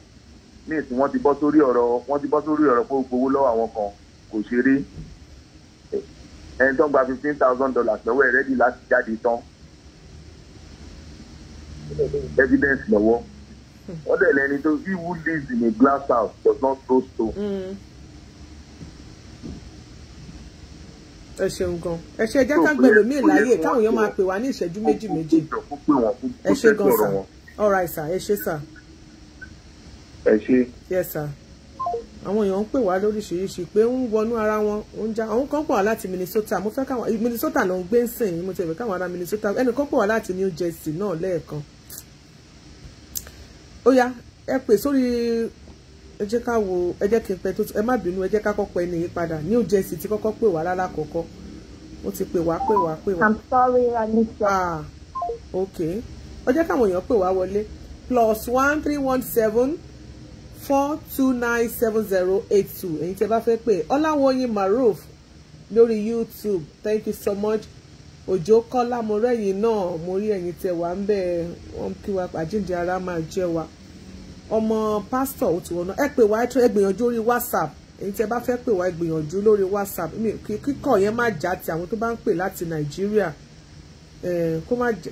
ní ìsìn wọ́n ti bọ́ sórí ọ̀rọ̀ wọ́n ti bọ́ sórí ọ̀rọ̀ pé gbowó lọ́wọ́ àwọn kan kò ṣe rí ẹni tó ń gba fifteen thousand dollars lọ́wọ́ ẹ̀ rẹ́dí láti jáde tán evidence lọ́wọ́ wọ́n dẹ̀ lẹ́ni tó he who lives in a glass house does not throw stone. ẹ ṣeun gan ẹ ṣe jẹ́ ká gbẹ̀rù mí láyè káwọn èèyàn máa pè wá ní ìṣẹ́jú méjì méjì ẹ ṣe gan sir all right sir ẹ ṣe sir. ẹ ṣe. yes sir àwọn èèyàn ń pè wá lóríṣìíríṣìí pé ń wọnú ara wọn ń já àwọn kan pọ̀ wá láti Minnesota mo fẹ́ káwọn Minnesota náà ń gbé ń sìn mo ti rẹ̀ káwọn ará Minnesota ẹnìkan pọ̀ wá láti New Jersey náà lẹ́ẹ̀kan ó yá ẹ pè sórí ẹ jẹ́ ká wo ẹ jẹ́ kí n pẹ́ tó ẹ má bínú ẹ jẹ́ ká kọ́kọ́ ẹni yìí padà New Jersey ti kọ́kọ́ pè wá lálá kọ̀ọ̀kọ́ ó ti pè wá pè wá pè wá. I'm sorry Anisha. ah ok ó jẹ́ káwọn èèyàn pè wá wọlé plus one three one seven four two nine seven zero eight two èyí tí ẹ bá fẹ́ pè ọláwọyìn maruf lórí youtube thank you so much òjò kọ́lá mo rẹ́yìn náà mo rí ẹ̀yin tẹ wá ń bẹ̀ wọ́n kí wa àjíǹde ara máa jẹ́ wa ọmọ pásítọ̀ ò ti wọ̀nà ẹ pè wá ẹ gbìyànjú lórí whatsapp èyí tí ẹ bá fẹ́ pè wá ẹ gbìyànjú lórí whatsapp kíkọ̀ yẹn má já ti àwọn tó bá ń pè láti nàìjíríà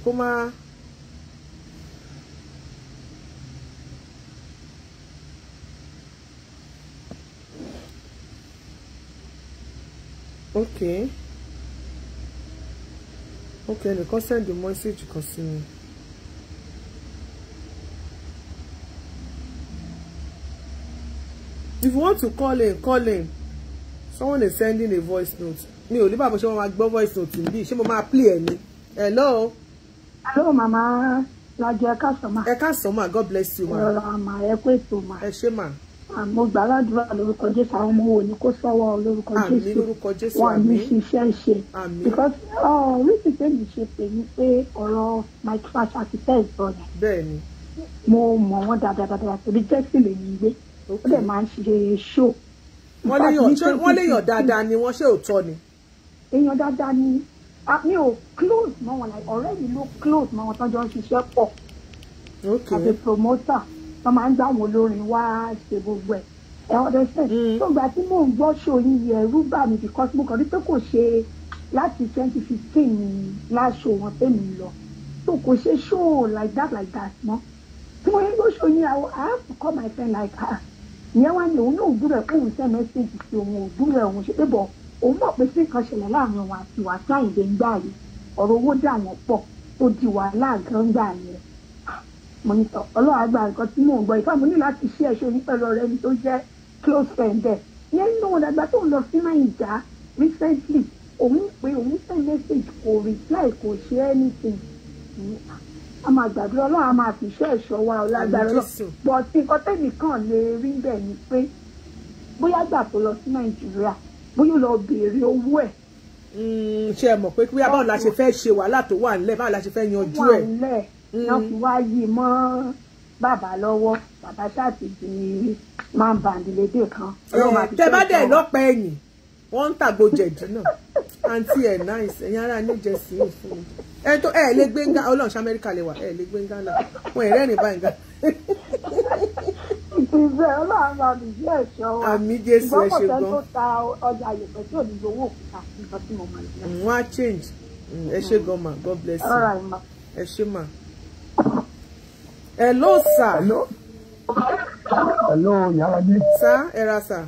kó má okay okay ẹnìkan send the message kan sí mi. if you want to call in call in someone is sending a voice note mi ò ní bàbá ṣe wọn voice note níbí ṣé mo play ẹ hello. hello mama lajẹ ẹ ká sọ ma. ẹ god bless you ma. Hello, mama. ẹ pé tó ma. ẹ ṣé ma. Ah, mo gbà ládùúrà lórúkọ jésù àwọn ọmọ òní kó sọ́wọ́ lórúkọ jésù wọn ní ṣiṣẹ́ ṣe because oríṣi oh, tèmi ṣe pè mí pé ọ̀rọ̀ mike fash àti fẹ́ẹ̀ sọ̀rọ̀ mo mọ̀ wọ́n dáadáa torí jẹ́sì lè yí gbé ó dẹ̀ máa ń ṣe ṣó. wọ́n léèyàn dáadáa ni wọ́n ṣe òótọ́ ni. èèyàn dáadáa ni mi ò close mọ́ wọn ọ̀rẹ́ mi ló close mọ́ wọn tọ́jọ́ ń ṣiṣẹ́ pọ̀ a promoter wọ́n máa ń gbá àwọn olórin wá ṣe gbogbo ẹ̀ ẹ̀ ọ̀dọ̀ ṣe tó mm. gbà tí mò ń gbọ́ ṣòyìn yẹ ẹ̀rú bà because mo kàn rí pé kò ṣe láti twenty fifteen láṣọ wọn tẹ̀mí lọ so kò ṣe show like that like that mọ́ tí mo yẹ kó ṣòyìn I have to call my friend like ah ìyẹn wá ní òun náà gbúdọ̀ pé òun send message sí òun ò gbúdọ̀ òun ṣe pé bọ̀ òun mọ̀ pé sí nǹkan ṣẹlẹ̀ láàrin òun àti wàásù àyìndé ń gbà yìí ọ̀rọ̀ owó dà wọ́n pọ̀ ó di wàhálà gan gbà yẹn mo ní tọ Ọlọ́run á gba nǹkan tí mò ń gbọ́ ìfá mo ní láti ṣí ẹ̀ṣọ́ yìí ọ̀rẹ́ mi tó jẹ́ close friend ẹ̀ yẹn nínú wọn dàgbà tó ń lọ sí Naija recently òun pé òun send message kò reply kò ṣe anything a máa gbàdúrà Ọlọ́run a máa fi iṣẹ́ ẹ̀ṣọ́ wa ọlágbára Ọlọ́run bọ̀ tí nǹkan tẹ́nìkan lè rí bẹ́ẹ̀ ni pé bóyá gbà tó lọ sí Nàìjíríà bóyá lọ béèrè owó ẹ̀ mm, ṣe é mọ̀ pé bóyá báwo la ṣe fẹ́ ṣe wàhálà tó wà nílẹ̀ báwo la ṣe fẹ́ yanjú ẹ̀ náà mm. fi wá yí mọ́ bàbá lọ́wọ́ bàbá ṣàtìjì ni eh, máa ń ba àdìlédè kan. tẹ bá dẹ̀ lọ́pẹ́ ẹ̀yìn wọ́n ń tàgbo jẹ̀dí náà àǹtí ẹ̀ náìsì ẹ̀yin ará ní jẹ̀sí òfin ẹ̀ tó ẹ̀ lè gbé ńgá ọlọ́run ṣamẹ́ríkà lè wà ẹ̀ lè gbé ńgá náà wọ́n ẹ̀ rẹ́rìn báyìí ńgá. ìgbìmọ̀ ọlọ́run máa bì sí ẹ̀ṣọ́ wa àmì jésù ẹ̀ ṣe gan. ìgbọ́kọ̀tẹ́ tó ta ọjà yẹ̀pẹ̀ tí ò ní òkúta nǹkan tí mo mọ̀ nípa. Mm, wọ́n á change mm, ẹ ṣe gan ma God bless you ẹ ṣe ma. Hello, sir. Hello. Hello, Yàrádé. Sir, ẹ sir.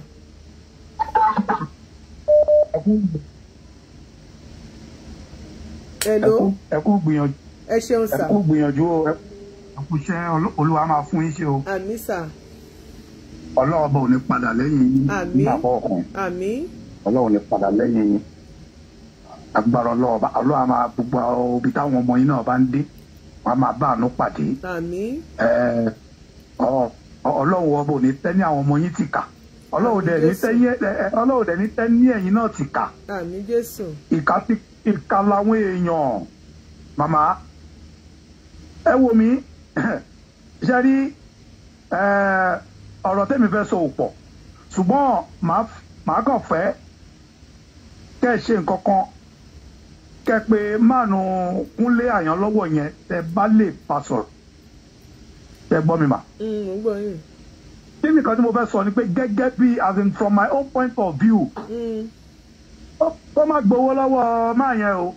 Hello. Ẹ kú gbìyànjú. Ẹ ṣeun sir. Ẹ kú gbìyànjú o. Ẹ kú iṣẹ́ Olúwa máa fún yín o. Àmín sir. Ọlọ́run ọba ò ní padà lẹ́yìn yín ní àbọ̀ ọkùnrin. Àmín. Ọlọ́run ò ní padà lẹ́yìn yín. Agbára ọlọ́ọ̀ba ọlọ́run máa gbogbo ibi táwọn ọmọ yín náà wọn máa bá àánú pàdé. ọlọ́run ọba ò ní tẹ́ ní àwọn ọmọ yín ti kà ọlọ́run dẹ̀ ní tẹ́ ní ẹ̀yin náà ti kà ìka làwọn èèyàn màmá ẹ wo mi ṣe rí ọ̀rọ̀ tẹ́mi fẹ́ sọ ò pọ̀ ṣùgbọ́n màá kàn fẹ́ kẹ́ ẹ ṣe nǹkan kan kẹ pé mánu kúnlé àyànlọ́wọ́ yẹn tẹ bá lè bá sọ̀rọ̀ tẹ gbọ́ mi mà. Mm, kí ni kan tí mo fẹ́ sọ ni pé gẹ́gẹ́ bí as in from my own point of view mm. ó má gbowó lọ́wọ́ máa yẹn o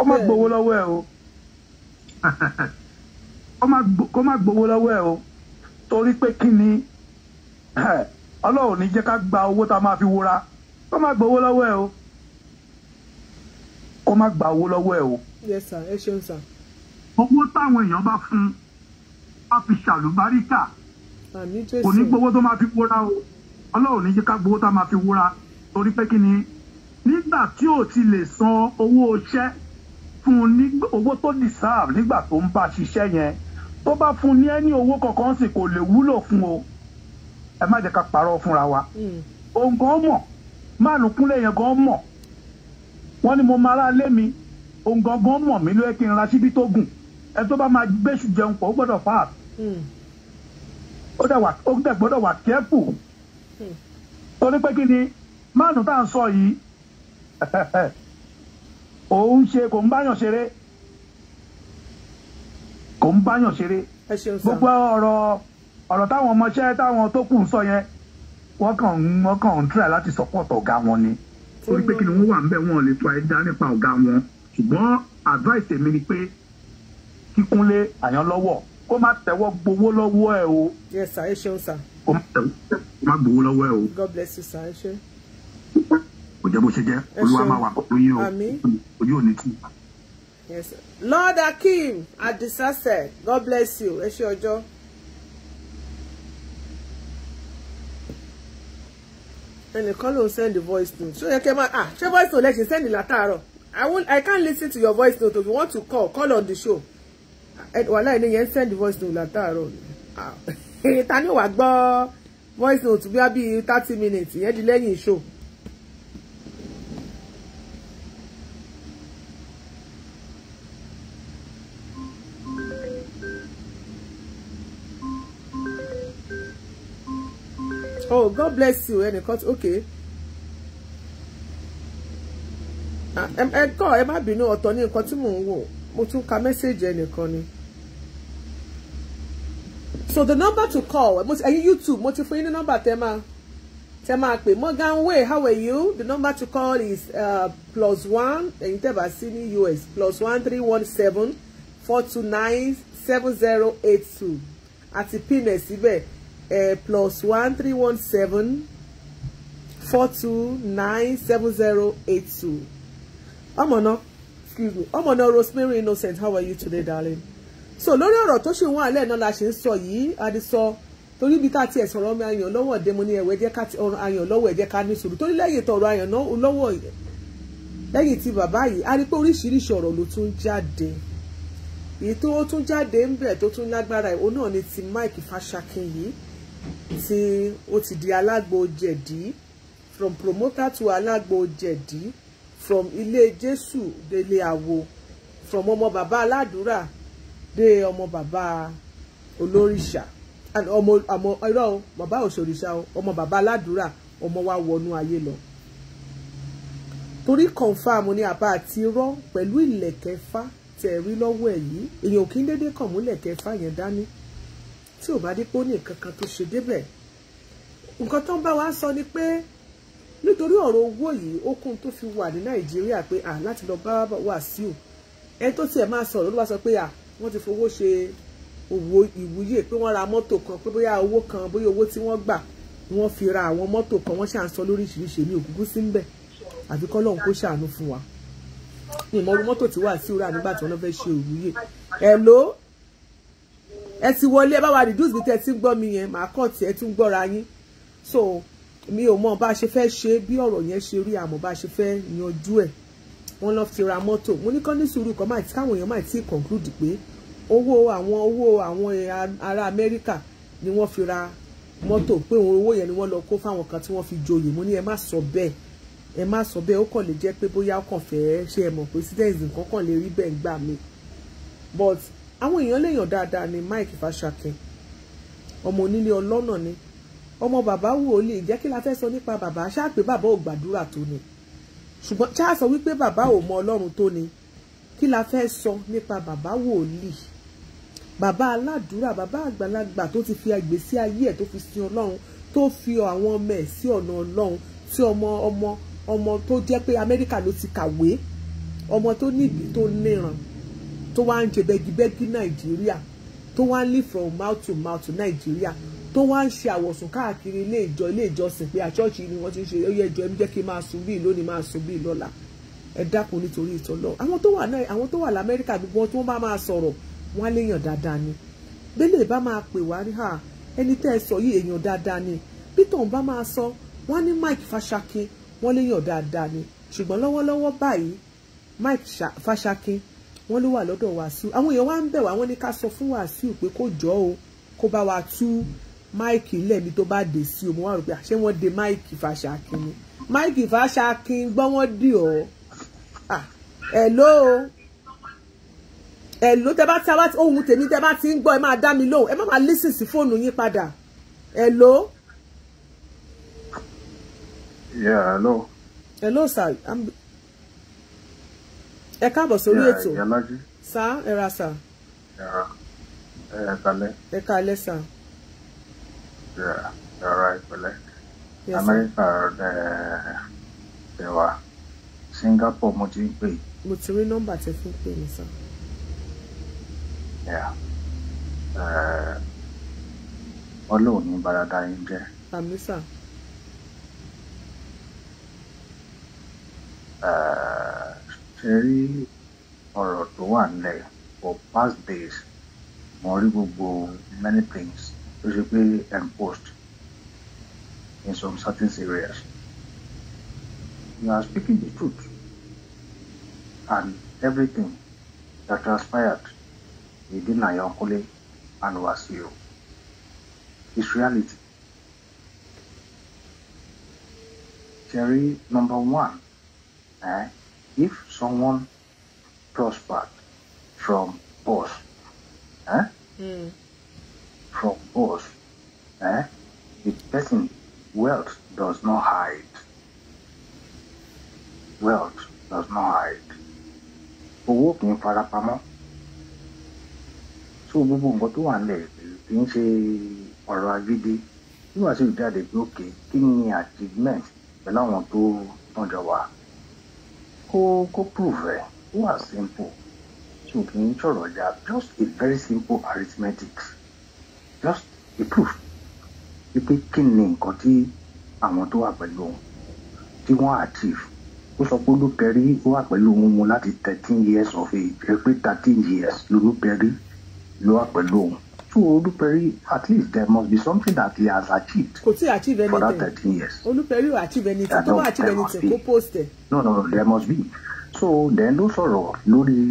ó má gbowó lọ́wọ́ ẹ o kó má gbowó lọ́wọ́ ẹ o torí pé kí ni [clears throat] ọlọ́run ní jẹ́ ká gba owó tá a máa fi wúra kó gbowó lọ́wọ́ ẹ o kó má gba owó lọ́wọ́ ẹ̀ o. yes sir ẹ ṣeun sir. owó táwọn èèyàn bá fún a fi ṣàlùbáríkà kò ní gbowó tó máa fi wúra o ọlọ́run ní jẹ́ ká gbowó tá máa fi wúra torí pé kí ni nígbà tí o ti lè san owó iṣẹ́ fún un ní owó tó deserve nígbà tó ń bá ṣiṣẹ́ yẹn tó bá fún un ní ẹni owó kankan sì kò lè wúlò fún o ẹ má jẹ́ ká parọ́ fúnra wa hmm. òun gan mọ̀ máàlùkúnlẹ̀ yẹn gan mọ̀ wọ́n ní mo máa ra lé mi ohun gangan mọ̀ mí ló yẹ kí n ra síbi tó gùn ẹni tó bá máa gbèsù jẹun pọ̀ ó gbọ́dọ̀ fà á hmm. ó dẹ̀ gbọ́dọ̀ wà kẹ́fù hmm. torí pé kí ni máàlù tá à ń sọ yìí [laughs] òun ṣe kò ń báyàn ṣeré kò ń báyàn ṣeré gbogbo ọ̀rọ̀ ọ̀rọ̀ táwọn ọmọọṣẹ́ táwọn tó kù ń sọ yẹn wọ́n kàn ń wọ́n kàn ń tíra láti sọ́pọ̀tọ̀ ọ̀gá wọn ni orí pé kí ni wọ́n wà ń bẹ̀ wọ́n lè tó àìdá nípa ọ̀gá wọn ṣùgbọ́n advice èmi ni pé kí Àyánlọ́wọ́ kó má tẹ́wọ́ gbowó lọ́wọ́ ẹ̀ o. yes sir ẹ ṣeun sir. kó má tẹ́wọ́ má gbowó lọ́wọ́ ẹ̀ o. god bless you sir ẹ ṣe. kò jẹ́ bó ṣe jẹ́ olúwa máa wà pẹ̀lú yín o ojú ò ní tì. lord akim adisa said god bless you ẹ ṣe ọjọ́. ẹnìkan ló ń send voice note ṣó yẹ kẹ́ máa ah ṣé voice note lẹ́sìn send látàárọ̀ I will I can't listen to your voice note if you want to call call on the show ah, eh, wàhálà ẹni yẹn send voice note látàárọ̀ ah, [laughs] ta ni wàá gbọ́ voice note bí wá bíi thirty minutes ìyẹn di lẹ́yìn show. oh god bless you ẹnìkan eh, tí ok ẹ kọ́ ẹ má bínú ọ̀tọ̀ ní nǹkan tí mò ń wò mo tún ka mẹ́sẹ̀gì ẹnìkan ni. so the number to call ẹ̀yin youtube mo ti fún yín ní nọ́mbà tẹ́ máa tẹ́ Morgan Way how are you the number to call is uh, plus one ẹ̀yin tẹ́ bá sí ní us plus one three one seven four two nine seven zero eight two àti pin ẹ̀ síbẹ̀ uh, plus one three one seven four two nine seven zero eight two. Ọmọ̀nà, excuse me, Ọmọ̀nà Rosemary Innocent, how are you today, darling? So lórí ọ̀rọ̀ tó ṣe wọ́n alẹ́ náà la ṣe ń sọ yìí, a ti sọ torí ibi tá a ti ẹ̀ sọ̀rọ̀ ọmọ ayàn lọ́wọ́ ọ̀dẹ́ mo ní ẹ̀wẹ̀ jẹ́ ká ọ̀rọ̀ ayàn lọ́wọ́ ẹ̀jẹ̀ ká ní sùúrù torí lẹ́yìn tọ̀rọ̀ ayàn lọ́wọ́ lẹ́yìn tí bàbá yìí a rí pé oríṣiríṣi ọ̀rọ̀ ló tún jáde èyí tó tún jáde ń bẹ̀ tó tún lágbára ẹ̀ òun náà ni ti Mike Fashakin yìí tí ó ti di alágbo jẹ̀dí from promoter to alágbo jẹ̀dí from ilé Jésù délé àwo from ọmọ bàbá aládùúrà dé ọmọ bàbá olóríṣà ọmọ ọmọ irọ́ o bàbá òṣòrìṣà o ọmọ bàbá aládùúrà ọmọ wa wọnú ayé lọ torí confam ni àbá àti irọ́ pẹ̀lú ìlẹ̀kẹ̀fà tẹ̀ rí lọ́wọ́ ẹ̀ yìí èèyàn ò kí ń dédé kàn mú ìlẹ̀kẹ̀fà yẹn dání tí ò bá dípò ní nǹkan kan tó ṣe débẹ̀ nǹkan tó ń bá wa sọ ni pé nítorí ọ̀rọ̀ owó yìí ó kún tó fi wà ní nàìjíríà pé à láti lọ bá Wàsíù ẹni tó tiẹ̀ máa sọ̀rọ̀ ló bá sọ pé à wọ́n ti fowó ṣe òwò ìwúyè pé wọ́n ra mọ́tò kan pé bóyá owó kan bóyá owó tí wọ́n gbà wọ́n fi ra àwọn mọ́tò kan wọ́n ṣàǹsọ lóríṣiríṣi ní òkúkú sí ń bẹ̀ àfi kọ́ lóhun kó ṣàánú fún wa ní ìmọ̀rú mọ́tò tí Wàsíù rà nígbà tí wọ́n fẹ́ ṣe ìwúyè ẹ̀ ló ẹ ti wọlé ẹ bá wa reduce bí tẹ ti ń gbọ́ mi yẹn màá kàn tí ẹ tún gbọ́ra yín so mi ò mọ bá a ṣe fẹ́ ṣe bí ọ̀rọ̀ yẹn ṣe rí àmọ́ bá a ṣe fẹ́ yanjú ẹ̀ wọ́n lọ fi ra mọ́tò mo ní kán ní sùúrù kan máa ti káwọn èèyàn máa ti conclude pé owó àwọn owó àwọn ará Amẹ́ríkà ni wọ́n fi ra mọ́tò pé òun owó yẹn ni wọ́n lọ kó fáwọn kan tí wọ́n fi joyè mo ní ẹ má sọ bẹ́ẹ̀ ẹ má sọ bẹ́ẹ̀ ó kàn lè jẹ́ pé bóyá ó kàn fẹ́ ṣe é mọ̀ pé sídẹ̀ẹ́sì nǹkan kàn lè rí bẹ́ẹ̀ gbà mí but àwọn èèyàn léèyàn dáadáa ni Mike Fashakin ọmọ onílé ọlọ́nà ni ọmọ bàbá wòlíì jẹ́ kí la fẹ́ sọ nípa bàbá ṣáà pé bàbá ò gbàdúrà tó ni ṣùgbọ́n ṣáà sọ wípé bàbá ò mọ ọlọ́run tó ni kí la fẹ́ sọ nípa bàbá wòlíì bàbá aládùúrà bàbá àgbàlagbà tó ti fi àgbèsí ayé ẹ̀ tó fi sin ọlọ́run tó fi àwọn ọmọ ẹ̀ sí ọ̀nà ọlọ́run tí ọmọ ọmọ ọmọ tó jẹ́ pé Amẹ́ríkà ló ti kàwé ọmọ tó níbi tó níran tó wá ń jẹ bẹ́gibẹ́gi nàìjíríà tó wá ń live from mouth to mouth to nàìjíríà tó wá ń ṣe àwọ̀sùn káàkiri ilé ìjọ ilé ìjọsìn pé àchọ́ọ̀chì ni wọ́n ti ń ṣe ó yẹ ìjọ ẹ̀mí jẹ́ kí n máa sùn bíi lónìí máa sùn bíi lọ́la ẹ dákun nítorí ìtọ́lọ́ àwọn tó wà náà àwọn tó wà lamẹ́ríkà gbogbo wọn tí wọ́n bá máa sọ̀rọ̀ wọ́n á léèyàn dáadáa ni bẹ́lẹ̀ bá máa pè wá ní ẹni tẹ́ ẹ sọ yìí èèyàn dáadáa ni peter ń bá máa sọ wọ́n ní mike fashaki wọ́n léèyàn dáadáa ni ṣùgbọ́n lọ́wọ́lọ́wọ́ báyìí mike fashaki wọ́n ló wà lọ́dọ̀ Wàsíù àwọn èèyàn wá ń bẹ̀ wá wọ́n ní ká sọ fún Wàsíù pé kó jọ o kó bá wa tú máìkì lẹ́mi tó bá dé sí o mo wá rò pé àṣé wọ́n de máìkì fàṣàkin ni máìkì fàṣàkin gbọ́n wọ́n dì ọ́ ẹ̀ló ẹ̀ló tẹ bá ta ohun tèmi tẹ bá ti ń gbọ́ ẹ máa dá mi lóhùn ẹ má máa lísìn sí fóònù yín padà ẹ̀ló. Yeah, hello. Hello, sir ẹ káàbọ̀ sórí ètò sá ẹ ra sà. ẹ kalẹ. ẹ kalẹ sà. yàrá ìpínlẹ̀ amẹ́ríkà ẹ̀ wá singapore mo ti ń pè. mo ti rí nọ́mbà tí fún pè mí sá. ọlọ́run ní barada yín jẹ́. àmì sà. Uh, Cherry, thorough to one day for past days, Moribubu, many things, especially post in some certain areas. You are speaking the truth, and everything that transpired within Ayonkole and you. is reality. Cherry number one, eh, if someone prospered from both. Eh? Mm. From both. Eh? The person, wealth does not hide. Wealth does not hide. Owó kì í fara pamọ́. So gbogbo nǹkan tó wà nílẹ̀ kì í ṣe ọ̀rọ̀ agídí. Bí wàá sì jáde pé òkè kí ni achievement pẹ̀lú àwọn tó tọ́jọ wà kó kó prove ẹ̀ ó wà simple tí o kì í sọ̀rọ̀ ya just a very simple arithmetic just a proof wípé kí ni nǹkan tí àwọn tó wà pẹ̀lú òun tí wọ́n achieve ó sọ pé Olúpẹ̀rí ó wà pẹ̀lú òun mu láti thirteen years of age ẹ pé thirteen years lolúpẹ̀rí ló wà pẹ̀lú òun so olùpẹ̀rí at least there must be something that he has achieved kò tí achieve anything for that thirteen years olùpẹ̀rí ò achieve anything tó bá achieve anything kó post ẹ̀. no no there must be so then ló sọ̀rọ̀ lórí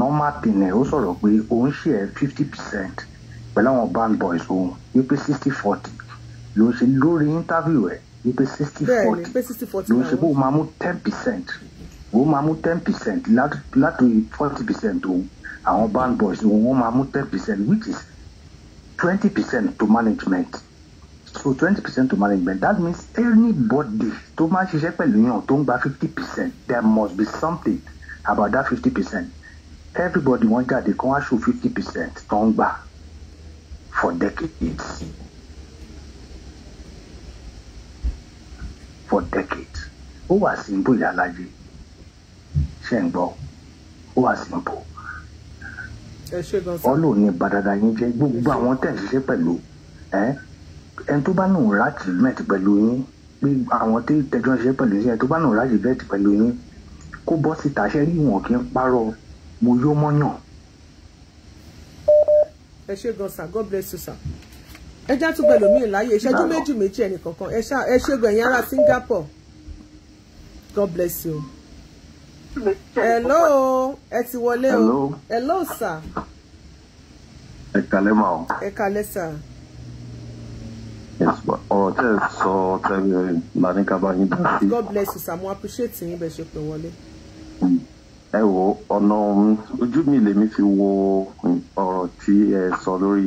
normal thing ẹ̀ ó sọ̀rọ̀ pé òun share fifty percent pẹ̀lú àwọn band boys òun wípé sixty forty ló ń ṣe lórí interview ẹ̀ wípé sixty forty ló ń ṣe bó máa mú ten percent bó máa mú ten percent láti forty percent òun àwọn band boys ni wọ́n máa mú ten percent which is twenty percent to management so twenty percent to management that means anybody tó máa ṣiṣẹ́ pẹ̀lú yàn tó ń gba fifty percent there must be something about that fifty percent everybody wọ́n jáde kan wá ṣò fifty percent tó ń gbà for decades for decades ó wà simple ìyá aláyé ṣe ń gbọ́ ó wà simple ọlọ́run ní gbàdàgà yín jẹ́ gbogbo àwọn tẹ̀ ń ṣiṣẹ́ pẹ̀lú ẹni tó bá nù láti met pẹ̀lú yín pé àwọn tẹ́ tẹjọ́ ń ṣiṣẹ́ pẹ̀lú yín ẹni tó bá nù láti vet pẹ̀lú yín kó bọ́ síta ṣẹ́ rí wọn kí n parọ́ mo yó mọ́yàn. ẹ ṣé gan sir god bless you sir ẹ já tún pẹ̀lú mi láàyè ìṣẹ́jú méjì méjì ẹnì kọ̀ọ̀kan ẹ ṣe gan ẹ̀yin ará Singapore god bless you hello ẹ ti wọlé hello sir. ẹ ma o. ẹ sir. ọ̀rọ̀ tẹ́ ẹ sọ tẹ́lẹ̀ lani you. yín dá God bless you sir mo appreciate you. bẹ́ẹ̀ ṣe pé wọlé. Hmm. ẹ wo ọ̀nà hmm, ojú mi lèmi fi wo hmm, ọ̀rọ̀ tí ẹ sọ lórí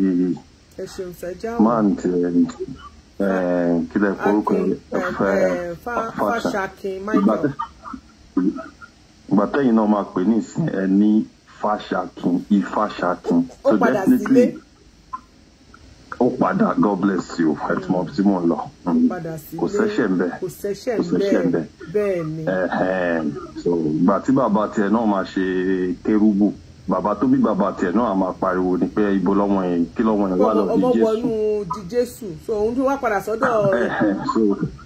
ẹ ṣeun sẹ jáwọ́ man ti ẹ kílẹ̀ forúkọ ẹ fẹ́ eh, eh, fàṣàkín michael ìgbà tẹ́yìn náà máa pè ní ìsìn ẹ ní Fáṣakin Ifáṣakin so definitely ó padà god bless you ẹ ti mọ tí mò ń lọ mm. kò sẹ́ṣẹ̀ ńbẹ̀ kò sẹ́ṣẹ̀ ńbẹ̀ so ìgbà tí bàbá tiẹ̀ náà máa ṣe kérúbù bàbá tó bí bàbá tiẹ̀ náà máa pariwo ni pé ibo lọ́mọ yẹn kí lọ́mọ yẹn wà lọ di Jésù ọmọ wọnú di Jésù so òun tó wá padà sọ́dọ̀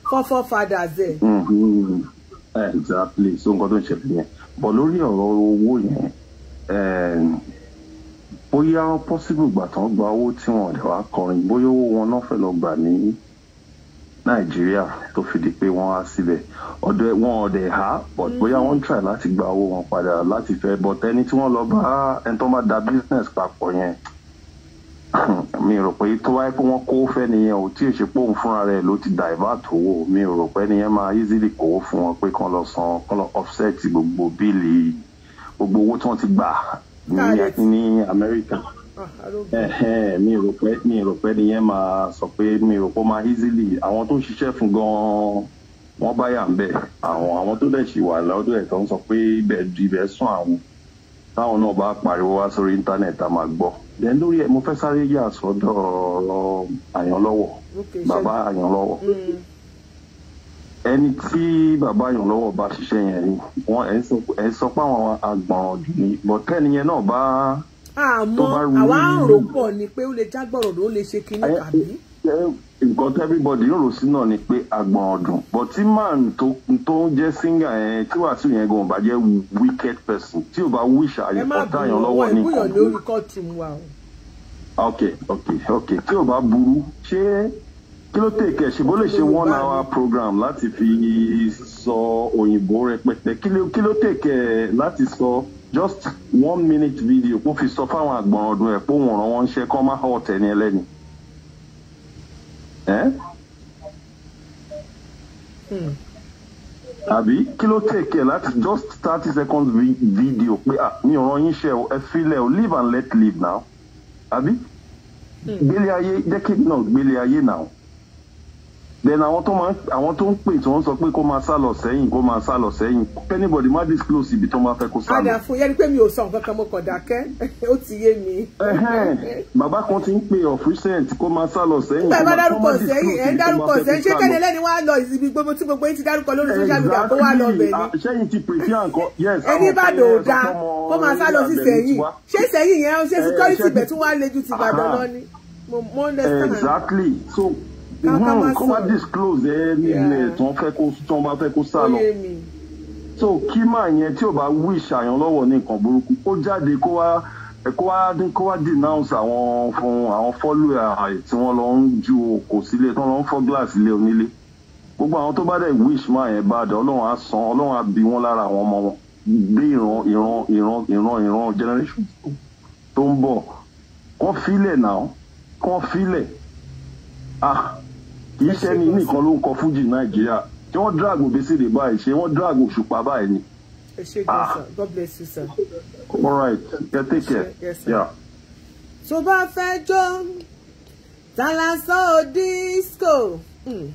fọ́fọ́ fadà zẹ̀. exactly so nǹkan tó ń ṣẹlẹ̀ yẹn bọ̀ lórí ọ̀rọ̀ owó yẹn eh, bóyá possible gbà tán gba owó tí wọn ọ̀dẹ̀ wá kọrin bóyá owó wọn náà fẹ́ lọ gbà ní nàìjíríà tó fi di pé wọ́n á síbẹ̀ ọ̀dọ̀ wọn ọ̀dẹ̀ há but bóyá wọ́n ń mm-hmm. try láti gba owó wọn padà láti fẹ́ but ẹni tí wọ́n lọ bá ẹni tó bá da business papọ̀ yẹn [laughs] mi rò pé tó wáyé pé wọ́n kó fẹ́niyẹn ò tí ì ṣe pòun fúnra rẹ̀ ló ti divert owó mi rò pé ẹniyẹn máa easily kówó fún wọn pé kán lọ san kán lọ offset gbogbo bíìlì gbogbo owó tí wọ́n ti gbà ní Amẹ́ríkà ah, mi rò pé mi rò pé ẹniyẹn máa sọ pé mi rò pé ó máa easily àwọn tó ń ṣiṣẹ́ fún gan-an wọ́n bá yà ń bẹ̀ àwọn àwọn tó dẹ̀ ṣì wà lọ́dọ̀ ẹ̀ tó ń sọ pé ibẹ̀ ibẹ̀ sùn àwọn táwọn náà bá pariwo wá sórí íńtánẹ̀tì a máa then lórí ẹ̀ mo fẹ́ sáré yà sọ́dọ̀ ọ̀rọ̀ àyànlọ́wọ̀ bàbá àyànlọ́wọ̀ hmm. ẹni tí bàbá àyànlọ́wọ̀ bá ṣiṣẹ́ yẹn ni wọ́n ẹ̀ ń sọ pé àwọn àgbọ̀n ọ̀dùn ni bọ̀tẹ́ni yẹn náà bá àmọ́ àwa rò pọ̀ ni pé ó lè jágbọ̀rọ̀ ló lè ṣe kinní tàbí nǹkan tó everybody yóò rò sí náà ni pé àgbọ̀n ọ̀dùn but tí man tó ń jẹ́ singer yẹn tí wàásù yẹn gan bá jẹ́ wicked person tí ò bá wíṣà àyẹ̀kọ́tà yẹn lọ́wọ́ ní nǹkan ok ok ok tí ò bá burú ṣé kí ló tèkẹ́ ṣèbó lè ṣe one hour program láti fi sọ òyìnbó rẹpẹtẹ kí ló tèkẹ́ láti sọ. So, just one minute video kó fi sọ fáwọn àgbọ̀n ọdún ẹ̀ pé òun ràn wọ́n ń ṣe kọ́ máa hàn ọ̀tẹ̀ ní ẹlẹ́ni. Hmm. àbí kí ló take ẹ láti just thirty seconds video pé ah mi ò ràn yín ṣe ẹ filẹ̀ o live and let live now àbí hmm. gbélé ayé jẹ́ kí náà gbélé ayé now then àwọn tó máa àwọn tó ń pè tí wọ́n sọ pé kó máa sá lọ sẹ́yìn kó máa sá lọ sẹ́yìn anybody má disclose ibi tó máa fẹ́ kó sá lọ. àdàfo yẹni pé mi ò sọ nǹkan kan mo kàn dákẹ́ [laughs] ó ti yé mi. bàbá kan ti ń pè of recent kó máa sá lọ sẹ́yìn. bàbá dárúkọ sẹ́yìn ẹ̀ ń dárúkọ sẹ́yìn ṣé kẹ́ni ẹlẹ́ni wá lọ ibi gbogbo tí gbogbo yín ti dárúkọ lórí social media kó wá lọ bẹ̀ ni. sẹ́yìn ah, ti pèsè àǹkọ yes. ẹni bàdàn ò dáa kó máa sá lọ sí sẹ́yìn ṣé sẹ́yìn yẹn ṣé eh, security bẹ̀ tún wá le ju ti bàdàn lọ ni. Ah. mo mo understand. exactly so comment kọ́ máa disclose ẹ nílẹ̀ tán fait kó tán bá fẹ́ kó sá lọ so kí máa yẹn tí ò bá wí ìṣàyàn lọ́wọ́ ní nǹkan burúkú kó jáde kó wá kó wá kó wá denounce àwọn fún àwọn fọ́lùwẹ̀ tí wọ́n lọ ń ju òkò ton tí wọ́n lọ ń fọ́ glass ilé onílé gbogbo àwọn tó bá dẹ̀ wish máa yẹn bá dẹ̀ a á san ọlọ́run á bí wọ́n lára àwọn ọmọ wọn gbé ìran ìran ìran ìran ìran generation tó ń bọ̀ kọ́ fílẹ̀ náà kọ́ fílẹ̀ ah iṣẹ́ ni nìkan ló ń kọ fújì nàìjíríà tí wọ́n drag Obesere báyìí ṣé wọ́n drag Òṣùpá báyìí ni. ẹ ṣé gan ah. sir God bless you sir. all right ẹ take care. tó bá fẹ́ jó tàlàsọ disco hmm.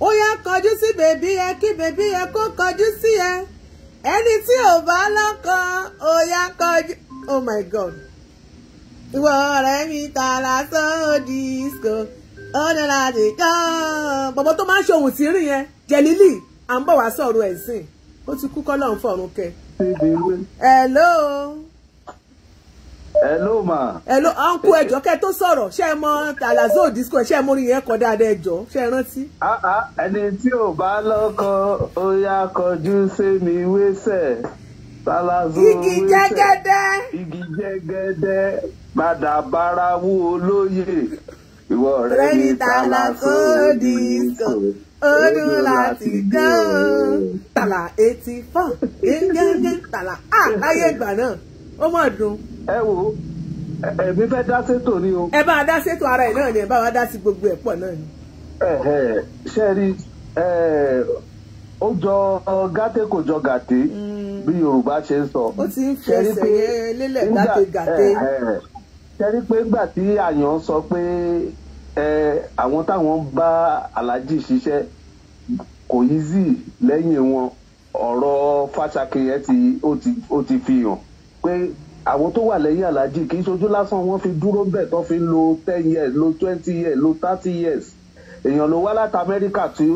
ó yá kọjú sí bèbí yẹ kí bèbí yẹ kó kọjú sí yẹ ẹni tí ò bá lọ́kọ ó yá kọjú oh my god ìwọ ọ̀rẹ́ mi tàlàsọ disco bọ̀bọ̀ tó máa ń ṣe ohun tí yẹn jẹ̀lílì à ń bọ̀ wá sọ̀rọ̀ ẹ̀sìn ó ti kú kọ́lọ́ fọ̀run kẹ. hello. hello ma. hello ọ̀nkú ẹ̀jọ́ kẹ́ tó sọ̀rọ̀ ṣé ẹ mọ alazo disco ṣé ẹ mórí yẹn kọ dáadáa ẹ̀jọ́ ṣé ẹ rántí. Ah, ah, ẹni tí ò bá lọ́kọ ó yá kọjú sí mi wésẹ̀ salazo igi jẹ́gẹ́dẹ́ igi jẹ́gẹ́dẹ́ padà bára wú olóyè ìwọ ọ̀rẹ́ mi tààlà kó disco ó dùn láti gbọ́ tààlà eighty four gẹ́gẹ́gẹ́ tààlà à láyé ìgbà náà ó mọ̀ dùn. ẹ wo èmi fẹ́ dá sétò ni o. ẹ bá a dá sétò ara ẹ̀ náà ni ẹ bá wa dá sí gbogbo ẹ̀ pọ̀ náà ni. ṣé rí ó jọ gàtẹ́ kò jọ gàtẹ́ mm. bí Yorùbá ṣe ń sọ. ó ti ń fẹsẹ̀ lélẹ̀ gàtẹ́ gàtẹ́ ṣẹ́rí pé ńgbà tí àyàn sọ pé àwọn táwọn bá aláàjì ṣiṣẹ́ kò easy lẹ́yìn wọn ọ̀rọ̀ fàṣàkì yẹn ti ó ti fi hàn pé àwọn tó wà lẹ́yìn aláàjì kì í ṣojú lásán wọ́n fi dúró bẹ́ẹ̀ tó fi ń lo ten years lo twenty years lo thirty years èèyàn ló wá láti amẹ́ríkà tó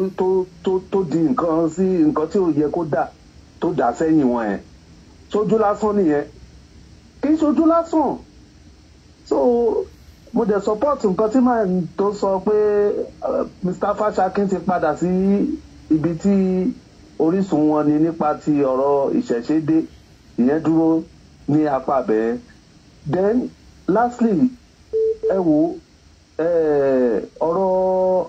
tó tó di nǹkan sí nǹkan tí ò yẹ kó dà tó dà sẹ́yìn wọn yẹn ṣojú lásán nìyẹn kì í ṣojú lásán so mo dẹ̀ support nǹkan tí màá tó sọ pé eh, Mr. Fashakin ti padà sí ibi tí orísun wọn ni nípa ti ọ̀rọ̀ ìṣẹ̀ṣẹ̀dé ìyẹn dúró ní apá bẹ́ẹ̀ then lastly ẹ wo eh, ọ̀rọ̀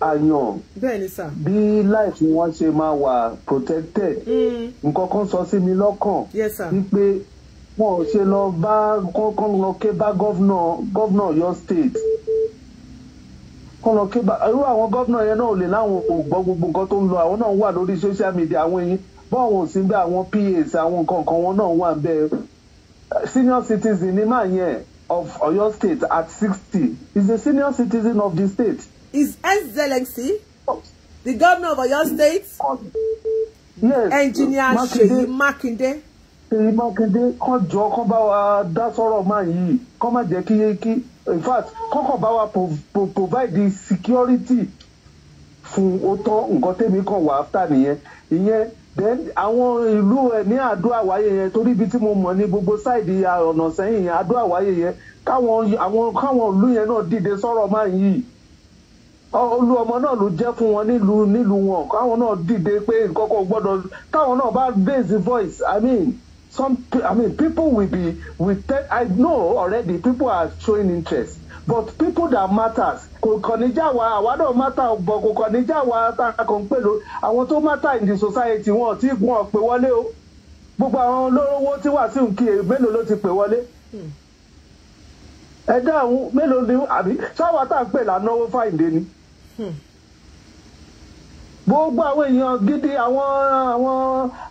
àyàn bí life wọn ṣe máa wà protected mm. nǹkan kan sọ sí mi lọ́kàn wípé. Yes, wọn ò ṣe lọ bá kọ́kọ́ lọ ké bá gọ́vnà gọ́vnà state kọ́ lọ ké bá irú àwọn gọ́vnà yẹn náà lè láwọn ò gbọ́ gbogbo nǹkan tó ń lọ àwọn náà wà lórí social media àwọn yìí bọ́ọ̀wọ̀n ò sí bẹ́ẹ̀ àwọn PAs àwọn nǹkan kan wọn náà wà bẹ́ẹ̀ senior citizen ni máa yẹn of Ọ̀yọ́ state at sixty is a senior citizen of the state. His Excellency the governor of Ọ̀yọ́ state. Yes. Engineer Seyi Makinde ṣèyí mákindé kàn jọ kàn bá wa dá sọ̀rọ̀ máa yìí kàn má jẹ́ kí kí in fact kọ́kàn bá wa provide security fún ó tán nǹkan tèmi kàn wà after nìyẹn ìyẹn then àwọn ìlú ẹ ní àdó àwáyé yẹn torí ibi tí mo mọ̀ ní gbogbo sáìdì ọ̀nà sẹ́yìn yẹn àdó àwáyé yẹn káwọn àwọn káwọn ìlú yẹn náà dìde sọ̀rọ̀ máa yìí olú ọmọ náà ló jẹ́ fún wọn nílùú nílùú wọn káwọn náà dìde pé nǹkan kan gbọ́dọ̀ káwọn náà bá raise voice i mean some I mean people will be will tell I know already people are showing interest but people that matters kò kàn níjà wa àwa náà matter but kò kàn níjà wa ta a kàn ń pè ló àwọn tó matter in the society wọn ti gun ọ̀pẹ wọlé o gbogbo àwọn olówó tí wà sí nkiri mélòó ló ti pè wọlé ẹ dáhùn mélòó ni àbí ṣáwa tá à ń pè là náwó fáìndé ni. Hmm gbogbo àwọn èèyàn gidi àwọn àwọn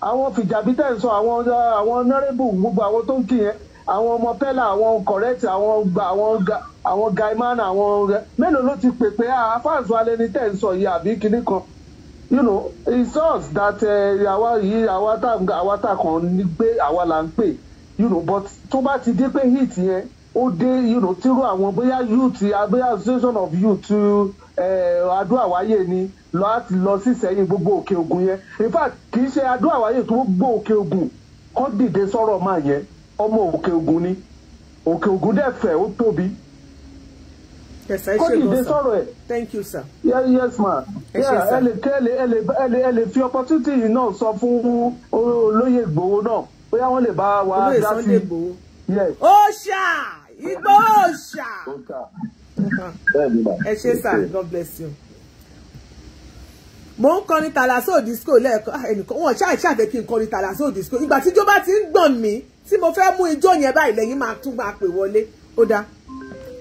àwọn fìjàbítẹ̀ ń sọ àwọn àwọn nọ́rẹ́bù gbogbo àwọn tó ń kí yẹn àwọn ọmọ pẹ́lá àwọn kọ̀rẹ́tì àwọn gba àwọn ga àwọn gaimán àwọn rẹ mélòó ló ti pè pé àfáàzù alẹ́ ní tẹ̀ ń sọ yìí àbí kinní kan you know it's us that eh, àwa yìí àwa tá àwa tá kan gbé àwa là ń pè you know but tó bá ti dé pé hit yẹn ó dé tírú àwọn bóyá youth bóyá association of youth eh, adúàwáyé ni láti lọ sí sẹ́yìn gbogbo òkè ògùn yẹn in fact kì í ṣe adúàwáyé tó gbogbo òkè ògùn kọ́ dìde sọ̀rọ̀ máa yẹn ọmọ òkè ògùn ni òkè ògùn dẹ̀ fẹ̀ ó tóbi yes i should know sir thank you sir. yes yes Yes, Yes, Yes, Yes, Yes, Yes, Yes, Yes, Yes, Yes, Yes, Yes, Yes, Yes, Yes, Yes, Yes, ma ẹ lè kẹ́ ẹ lè ẹ lè ẹ lè fi opportunity yìí náà sọ fún olóyè Ìgbòho náà bóyá wọ́n lè bá wa dá sí i. olóyè Sunday Ìgbòho. ó ṣáà. Ìgbòho Òòṣà. Ẹ ṣé sir, God bless you. Mo ń kọrin tàlàsó disco lẹ́ẹ̀kan ah, ẹnìkan wọn ṣáà ṣàfẹ́ kí n kọrin tàlàsó disco ìgbà tíjọ́ bá ti ń gbọ̀n mí tí mo fẹ́ mú ijó yẹn báyìí lẹ́yìn máa tún máa pè wọlé ó dáa.